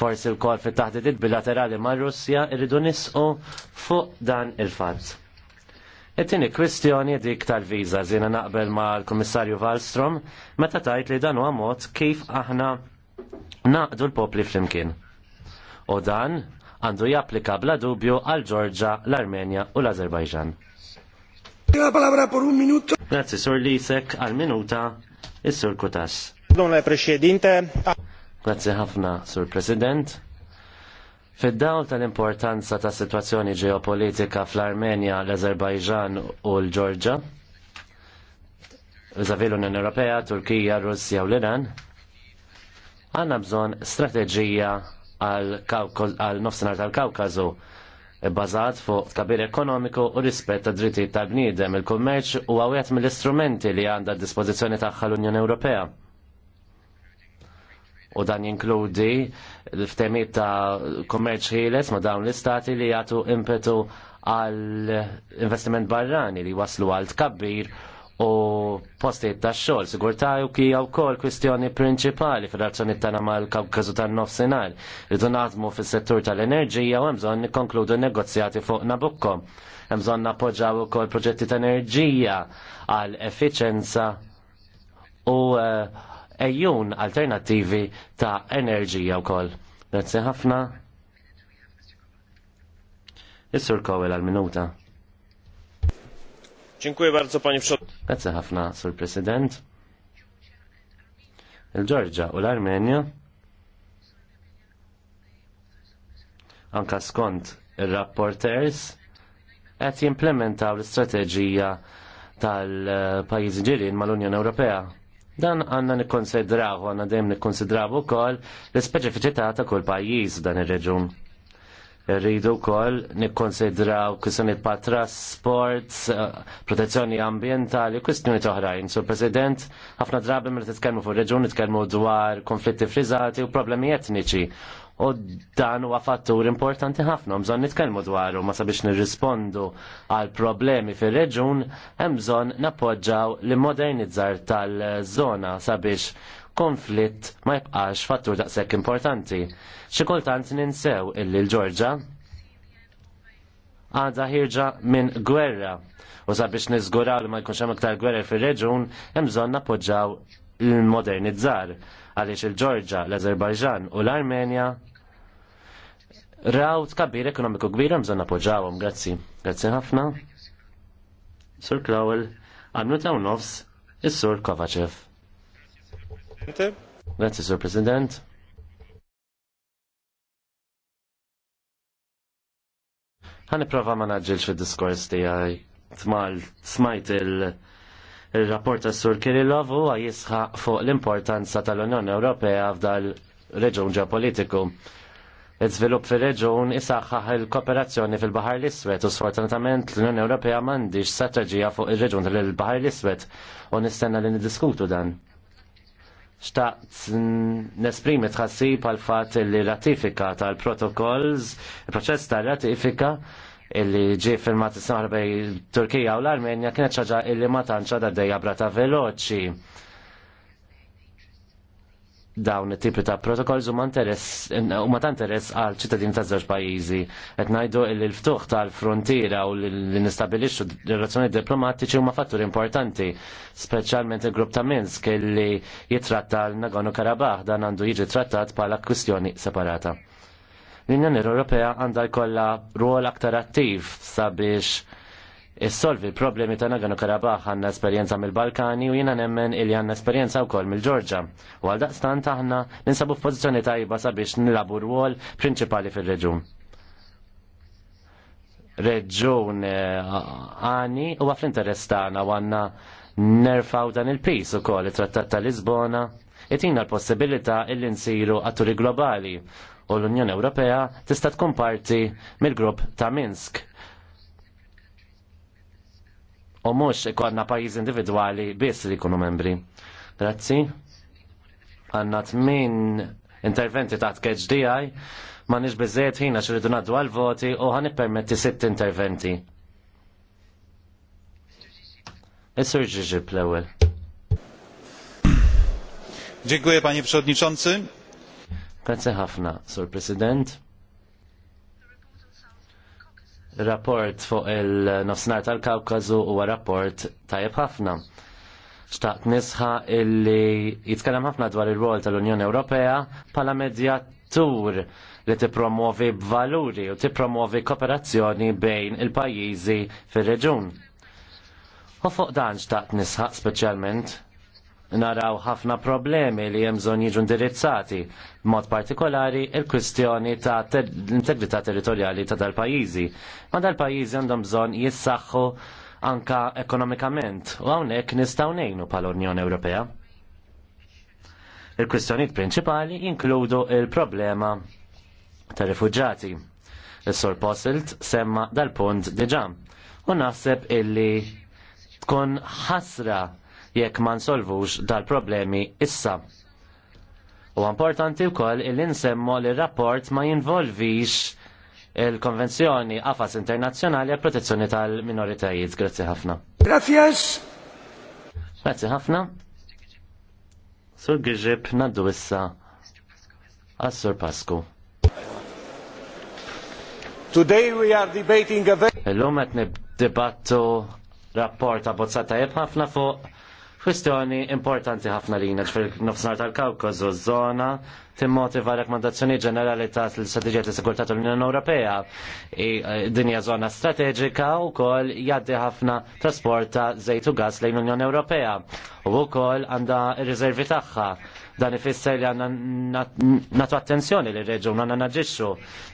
forsi l-kol fit taħdidiet bilaterali ma' Russja irridu nisqu fuq dan il-fatt. It-tieni kwistjoni dik tal-viża żiena naqbel mal-Kummissarju Wallstrom meta tajt li dan huwa mod kif aħna naqdu l-popli flimkien. U dan għandu japplika bla dubju għal Ġorġa, l-Armenja u l-Azerbajġan. La palabra por un minuto. Grazie, Sor Lisek, Al minuta, is Sor Kutas. Domnule Presidente. Grazie Hafna, Sor President. Fid-dawl tal-importanza ta' situazzjoni ġeopolitika fl-Armenja, l-Azerbajġan u l-Ġorġa, Zavilu n Europea, Turkija, Russija u l-Iran, għanna bżon strategija għal nofsenar tal kaukazu bazat fuq kabir ekonomiku u rispett ta' drittijiet tal-bniedem. Il-kummerċ u għawet mill-istrumenti li għandha dispożizzjoni tagħha l-Unjoni Ewropea. U dan jinkludi l-ftemiet ta' kummerċ ħieles ma' dawn l-istati li jagħtu impetu għall investiment barrani li waslu għal tkabbir u postijiet ta' xogħol. Sigurtà u wkoll kwistjoni prinċipali fil razzjoni tagħna mal-Kawkażu tan-nofsinhar. Irdu nazmu fis-settur tal-enerġija u hemm bżonn nikkonkludu negozjati fuq nabukkom. Hemm bżonn nappoġġaw ukoll proġetti ta' enerġija għal effiċenza u eh, ejjun alternattivi ta' enerġija wkoll. Grazzi ħafna. Is-Sur Kowel għal-minuta. Dziękuję bardzo, panie przewodniczący. Grazie ħafna, sur president. Il-Ġorġa u l-Armenja anka skont il-rapporters qed jimplementaw l-istrateġija tal-pajjiżi ġirien mal-Unjoni Ewropea. Dan għanna nikkonsidraw, għanna dejjem nikkonsidraw ukoll l-ispeċifiċità ta' kull pajjiż dan ir-reġun rridu wkoll nikkonsidraw kwistjonijiet pa' trasport, eh, protezzjoni ambjentali, kwistjoni oħrajn. Sur President, ħafna drabi meta titkellmu fuq reġun nitkellmu dwar konflitti friżati u problemi etniċi. U dan huwa fattur importanti ħafna, bżonn nitkellmu dwaru ma sabiex nirrispondu għal problemi fir-reġun, hemm bżonn nappoġġaw l-modernizzar tal-żona sabiex konflitt ma jibqax fattur daqshekk importanti. Xi kultant ninsew illi l-Ġorġa għadha ħirġa minn gwerra u sabiex niżguraw li ma jkunx hemm iktar gwerra fir-reġun hemm bżonn nappoġġaw l-modernizzar għaliex il-Ġorġa, l-Azerbajġan u l-Armenja raw tkabbir ekonomiku kbira mżon appoġġawhom, grazzi. Grazzi ħafna. Sur Klawel, għannu taw nofs is-Sur Kovacev. Grazie, Sir President. ħani prova ma naġġilx fil-diskors tijaj. Smajt il-rapport il ta' Sur Kirillov u jisħaq fuq l-importanza tal-Unjoni Ewropea f'dal reġun ġeopolitiku. Iżvilupp fil-reġun isaħħaħ il-kooperazzjoni fil-Bahar l-Iswed u sfortunatament l-Unjoni Ewropea mandiġ strategija fuq il-reġun tal-Bahar l iswet u nistenna li niddiskutu dan xtaqt nesprimi tħassib pal fat li ratifika tal-protokolls, il-proċess tal-ratifika illi ġie firmat is-sena Turkija u l-Armenja kienet ċaġa illi ma tantx għadha dejja brata veloċi dawn it-tipi ta' protokolls u interess huma ta' interess għal ċittadin ta' żewġ pajjiżi. Qed ngħidu l-ftuħ tal-frontiera u li nistabilixxu relazzjoni diplomatiċi huma fattur importanti, speċjalment il-grupp ta' Minsk li jitratta l-Nagorno Karabakh dan għandu jiġi trattat bħala kwistjoni separata. L-Unjoni Ewropea għandha jkollha rwol aktar attiv sabiex issolvi problemi ta' Nagano Karabah għanna esperjenza mill-Balkani u jina nemmen il għanna esperjenza u koll mill-ġorġa. U għal daqstan taħna ninsabu f'pozizjoni tajba sabiex nilabu rwol prinċipali fil-reġun. Reġun eh, għani u għaf l-interess taħna u għanna nerfaw dan il-pis u koll it-trattat ta' Lisbona. Itina l-possibilita li nsiru atturi globali u l-Unjoni Ewropea tista' tkun parti mill-grupp ta' Minsk u mhux ikonna pajjiż individwali biss li jkunu membri. Grazzi. Għanna tmin interventi taħt keġ DI, ma nix bizzet ħina xridu naddu għal-voti u ħan permetti sitt interventi. Is-sur ġiġib l-ewel. Dziękuję panie przewodniczący. Grazie ħafna, sur president rapport fuq il-nofsinar tal-Kawkazu huwa rapport tajjeb ħafna. Xtaqt nisħa illi jitkellem ħafna dwar il-rol tal-Unjoni Ewropea bħala medjatur li tipromovi b'valuri u tipromovi kooperazzjoni bejn il-pajjiżi fir-reġun. U fuq dan xtaqt nisħaq speċjalment naraw ħafna problemi li hemm bżonn jiġu indirizzati b'mod partikolari il-kwistjoni ta' l-integrità territorjali ta' dal-pajjiżi. Ma dal-pajjiżi għandhom bżonn jissaħħu anka ekonomikament u hawnhekk nistgħu ngħinu bħall-Unjoni Ewropea. Il-kwistjonijiet prinċipali jinkludu il-problema ta' rifuġġati. Is-Sur Posselt semma dal-punt diġà u naħseb illi tkun ħasra jekk ma nsolvux dal-problemi issa. U importanti wkoll il nsemmu li r-rapport ma jinvolvix il-Konvenzjoni Afas Internazzjonali għal Protezzjoni tal-Minoritajiet. Grazzi ħafna. Grazie. Grazzi ħafna. Sur Gġib naddu issa għas-Sur Pasku. Today we are debating a very... Illum qed nibdibattu rapport abbozzata ħafna fuq Kwestjoni importanti ħafna li jina ġifir nofsnar tal ż zona timmotiva rakkomandazzjoni ġenerali ta' l-strategija ta' sigurtà tal-Unjoni Ewropea. Eh, Dinja żona strateġika wkoll jgħaddi ħafna trasport ta' zejt u gas lejn l-Unjoni Ewropea u wkoll għandha r-riservi tagħha. Dan ifisser li għandna natu attenzjoni li reġun għandna naġixxu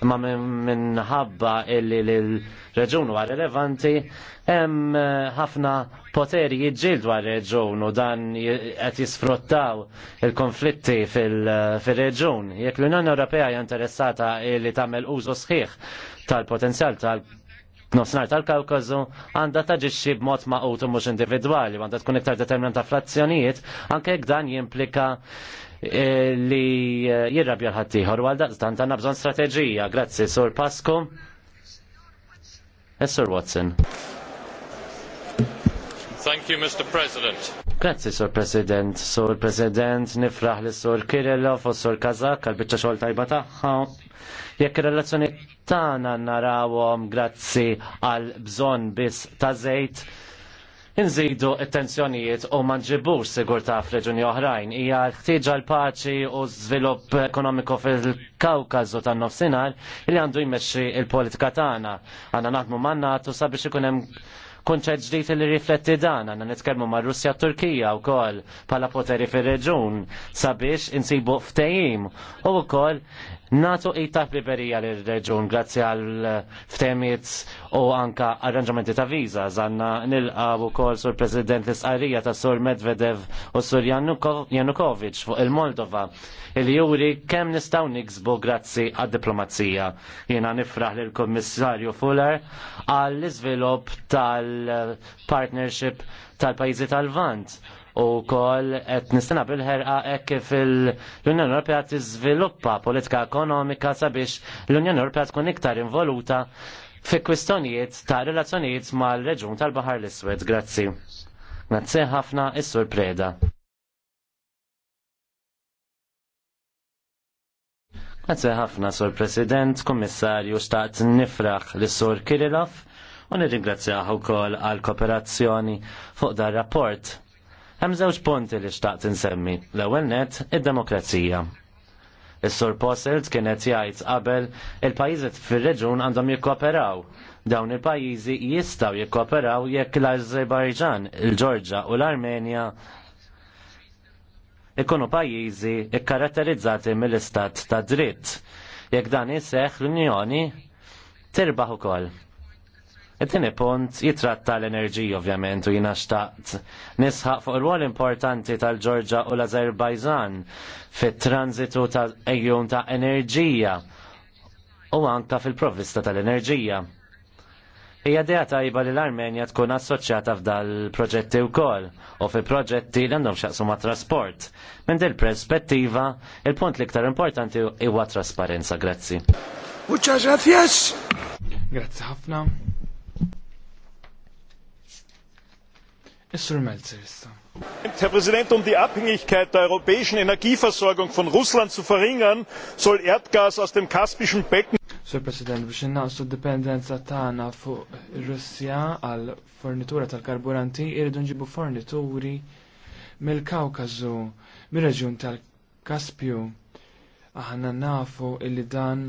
imma minħabba illi l-reġun huwa rilevanti hemm eh, ħafna poteri jiġġieldu dwar reġun u dan qed jisfruttaw il-konflitti fil-reġun reġun Jekk l-Unjoni Ewropea hija interessata li tagħmel użu sħiħ tal-potenzjal tal Nofsnar tal-Kawkazu għandha taġixxi b'mod ma' u mhux individwali, għandha tkun iktar determinata frazzjonijiet, anke jekk dan jimplika eh, li eh, jirrabja l-ħaddieħor. Għal dan tagħna bżonn strateġija. Grazzi, Sur Pasku. sur Watson. Thank you, Mr. President. Grazzi, Sur President. Sur President, nifraħ li Sur Kirillov u Sur Kazak għal-bicċa xogħol tajba tagħha. Jekk ir-relazzjoni tagħna narawhom grazzi għal bżonn biss ta' żejt, Inżidu it-tensjonijiet u ma nġibux ta' f'reġuni oħrajn. Hija ħtieġa l-paċi u żvilupp ekonomiku fil-Kawkażu tan-nofsinhar li għandu jmexxi l politika tagħna. Għandna naħdmu man-NATO sabiex ikun hemm kunċet ġdijt li rifletti dan, għanna nitkelmu ma' Russja Turkija u koll pala poteri fil reġun sabiex insibu ftejim u koll Natu ita priperija l-reġun grazzi għal ftemiet u anka arranġamenti ta' viza. Zanna nil u kol sur president l-isqarija ta' sur Medvedev u sur Janukovic fuq il-Moldova. Il-juri kem nistaw niksbu grazzi għad diplomazija. Jena nifraħ l kommissarju Fuller għall-izvilop tal-partnership tal-pajizi tal-Vant. tal partnership tal pajizi tal partnership tal tal vant u kol et nistana bil-ħerqa ek fil-Unjoni Ewropea tiżviluppa politika ekonomika sabiex l-Unjoni Ewropea tkun iktar involuta fi kwistjonijiet ta' relazzjonijiet mal-reġun tal-Bahar l-Iswed. Grazzi. Grazzi ħafna is-sur Preda. Grazzi ħafna, Sur President, Kommissarju, staqt nifraħ l-Sur Kirilov, u nirringrazzjaħu kol għal kooperazzjoni fuq dar rapport Hemm żewġ punti li xtaqt insemmi. L-ewwel net id-demokrazija. Is-Sur Posselt kienet jgħid qabel il-pajjiżet fir-reġun għandhom jikkooperaw. Dawn il-pajjiżi jistgħu jikkooperaw jekk l-Azerbajġan, il-Ġorġa u l-Armenja ikunu pajjiżi ikkaratterizzati mill-istat ta' dritt. Jekk dan iseħħ l-Unjoni tirbaħ ukoll It-tieni punt jitratta l-enerġija ovvjament u jina xtaqt nisħaq fuq ir-rwol importanti tal-Ġorġa u l-Azerbajġan fit-transitu tal-ejjun ta' enerġija u anka fil-provvista tal-enerġija. Hija dea tajba li l-Armenja tkun assoċjata f'dal proġetti wkoll u fi proġetti li għandhom xaqsu ma' trasport. Minn dil perspettiva, il-punt l-iktar importanti huwa trasparenza, grazzi. Muchas gracias. Grazzi ħafna. Is-Sur Melzer Herr Präsident, um die Abhängigkeit der europäischen Energieversorgung von Russland zu verringern, soll Erdgas aus dem Kaspischen Becken. President, biex innaqsu dipendenza tagħna fuq russja għal fornitura tal-karburanti irridu nġibu fornituri mill-Kawkażu, mir-reġjun tal-Kaspju. Aħna nafu illi dan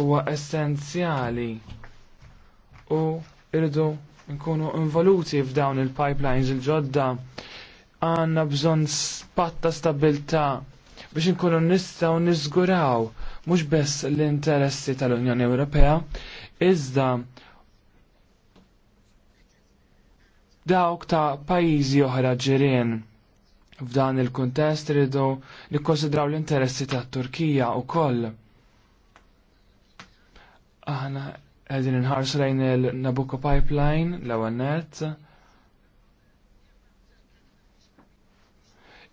huwa essenzjali u irridu nkunu involuti f'dawn il-pipelines il-ġodda għanna bżon spatta stabilta biex nkunu nistaw nizguraw mux bess l-interessi tal-Unjoni Ewropea iżda dawk ta' pajizi oħra ġirien. F'dan il-kuntest rridu konsidraw l-interessi ta' Turkija u koll. Aħna Għedin nħarsu lejn il-Nabucco Pipeline, l-għannet.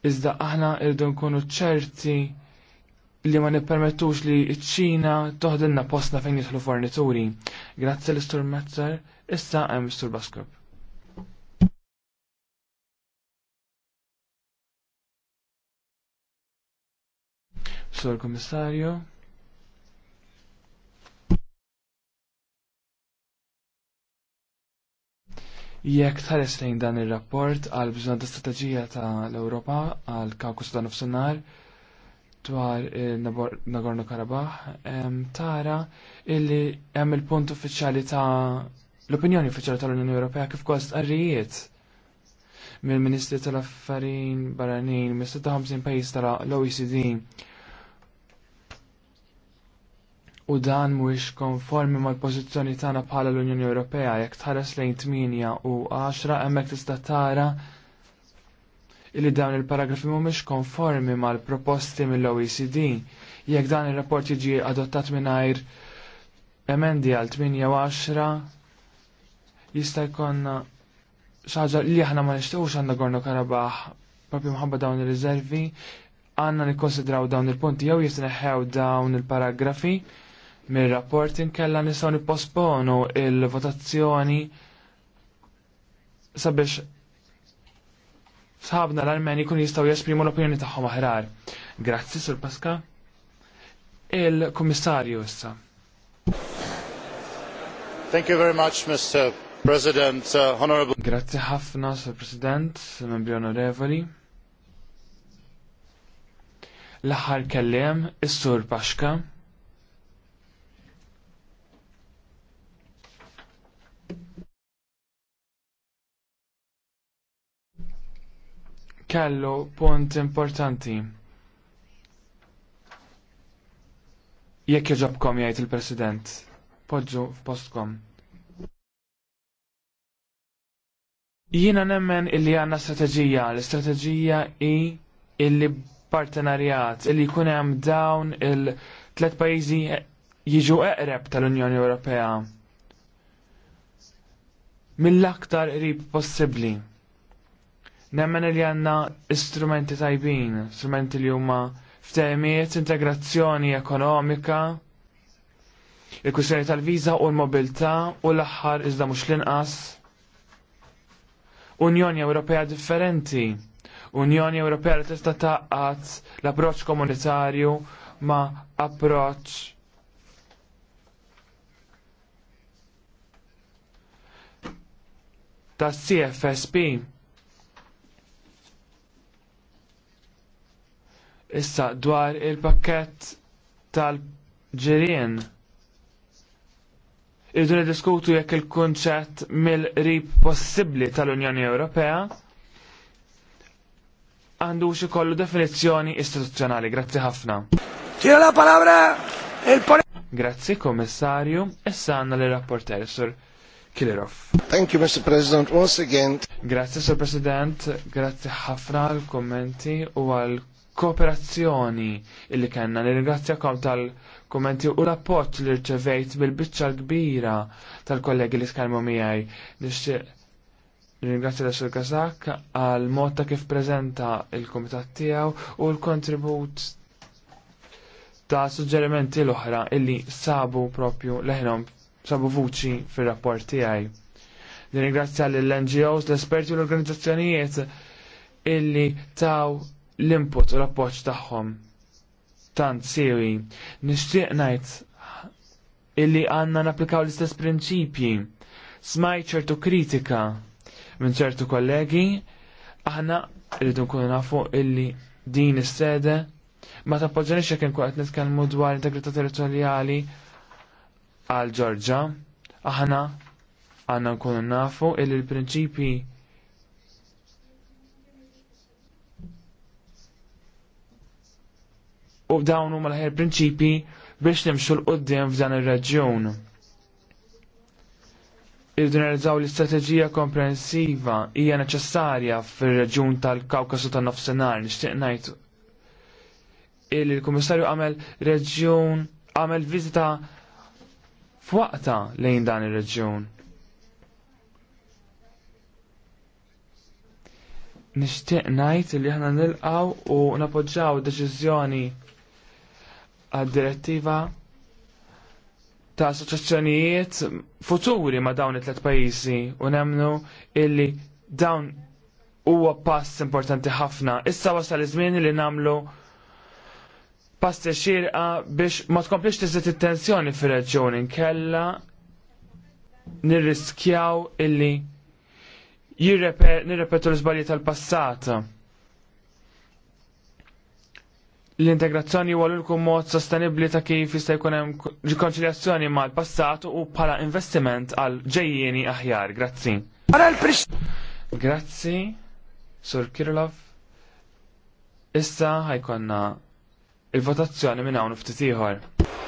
Iżda aħna irdu nkunu ċerti li ma nippermettux li ċ-ċina toħdilna postna fejn jidħlu fornituri. Grazzi l-Istur Metzer, issa għem Istur Baskop. Sur Komissarju. Jekk tħares lejn dan ir-rapport għal bżonn ta' strateġija ta' l-Ewropa għal kawkus ta' nofsinhar dwar Nagorno Karabakh, tara illi hemm il-punt uffiċjali ta' l-opinjoni uffiċjali tal-Unjoni Ewropea kif kost qarrijiet mill-Ministri tal-Affarin Barranin, mis-56 pajjiż tal-OECD u dan mhuwiex konformi mal-pożizzjoni tagħna bħala l-Unjoni Ewropea jekk tħares lejn 8 u 10 hemmhekk tista' tara li dawn il-paragrafi mhumiex konformi mal-proposti mill-OECD jekk dan ir-rapport jiġi adottat mingħajr emendi għal 8 u 10 jista' jkollna xaġa li aħna ma nixtiequx għandna Gorno Karabaħ propri mħabba dawn ir-riservi għandna nikkonsidraw dawn il-punti jew jisneħħew dawn il-paragrafi mir-rapport inkella nistgħu nipposponu il-votazzjoni sabiex sħabna l-Armeni kun jistgħu jesprimu l-opinjoni tagħhom aħrar. Grazzi sur Paska. Il-Kummissarju issa. Thank you very much, Mr. President, uh, Honorable. Grazzi ħafna, Sir President, membri onorevoli. L-aħħar kellem, is-Sur Paska. kellu punt importanti. Jekk jġobkom jgħid il-President, poġġu f'postkom. Jiena nemmen illi għanna strateġija, l-istrateġija i illi partenarjat, illi jkun hemm dawn il-tlet pajjiżi jiġu eqreb tal-Unjoni Ewropea. Mill-aktar qrib possibbli. Nemmen li għanna istrumenti tajbin, strumenti li huma f'temiet integrazzjoni ekonomika, il-kwistjoni tal-viża u l-mobilità u l-aħħar iżda mhux l-inqas. Unjoni Ewropea differenti, Unjoni Ewropea li tista' taqqat l-approċċ komunitarju ma' approċċ tas CFSP Issa dwar il-pakket tal-ġirien. Irdu diskutu jekk il-kunċett mill-rib possibbli tal-Unjoni Ewropea għandu xi kollu definizzjoni istituzzjonali. Grazzi ħafna. Tira la palabra il Grazzi kommissarju, issa għandna li rapporter sur Kilirov. Thank you, Mr. President, once again. Grazzi, Sir President, grazzi ħafna għal kommenti u għal kooperazzjoni illi kellna nirringrazzjakom tal-kummenti u rapport li rċevejt bil-biċċa l-kbira tal-kollegi li skalmu miegħi. Nixtieq nirringrazzja da Sur Kazak għal mod ta' kif preżenta il-komitat tiegħu u l-kontribut ta' suġġerimenti l-oħra illi sabu propju leħnom sabu vuċi fir-rapport tiegħi. Nirringrazzja lill-NGOs, l-esperti u l-organizzazzjonijiet illi taw l-input u l-appoġġ tagħhom tant siri Nixtieq ngħid illi għandna napplikaw l-istess prinċipji. Smajt ċertu kritika minn ċertu kollegi, aħna rridu nkunu nafu illi din is-sede ma tappoġġani jekk kwa qed nitkellmu dwar integrità territorjali għal Ġorġa, aħna għandna nkunu nafu illi l-prinċipji u dawn huma l-ħajr prinċipi biex nimxu l-qoddim f'dan ir-reġjun. Irridu nerżaw l-istrateġija komprensiva hija neċessarja fir-reġjun tal-Kawkasu tan-Nofsinhar nixtieq ngħid il l-Kummissarju għamel reġjun għamel viżita f'waqta lejn dan ir-reġjun. Nixtieq ngħid li aħna nilqgħu u napoġġaw deċiżjoni għad-direttiva ta' assoċazzjonijiet futuri ma' dawn it-tlet pajjiżi u nemnu illi dawn huwa pass importanti ħafna. Issa wasal iż-żmien li nagħmlu pass xirqa biex ma tkomplix tiżid it-tensjoni fir-reġjuni kellha nirriskjaw illi nirrepetu l-żbalji tal passata l-integrazzjoni huwa l-ulkum mod sostenibbli ta' kif jista' jkun hemm rikonċiljazzjoni mal-passat u bħala investiment għal ġejjieni aħjar. Grazzi. Grazzi, Sur Kirilov. Issa ħajkonna il-votazzjoni minn hawn ftit ieħor.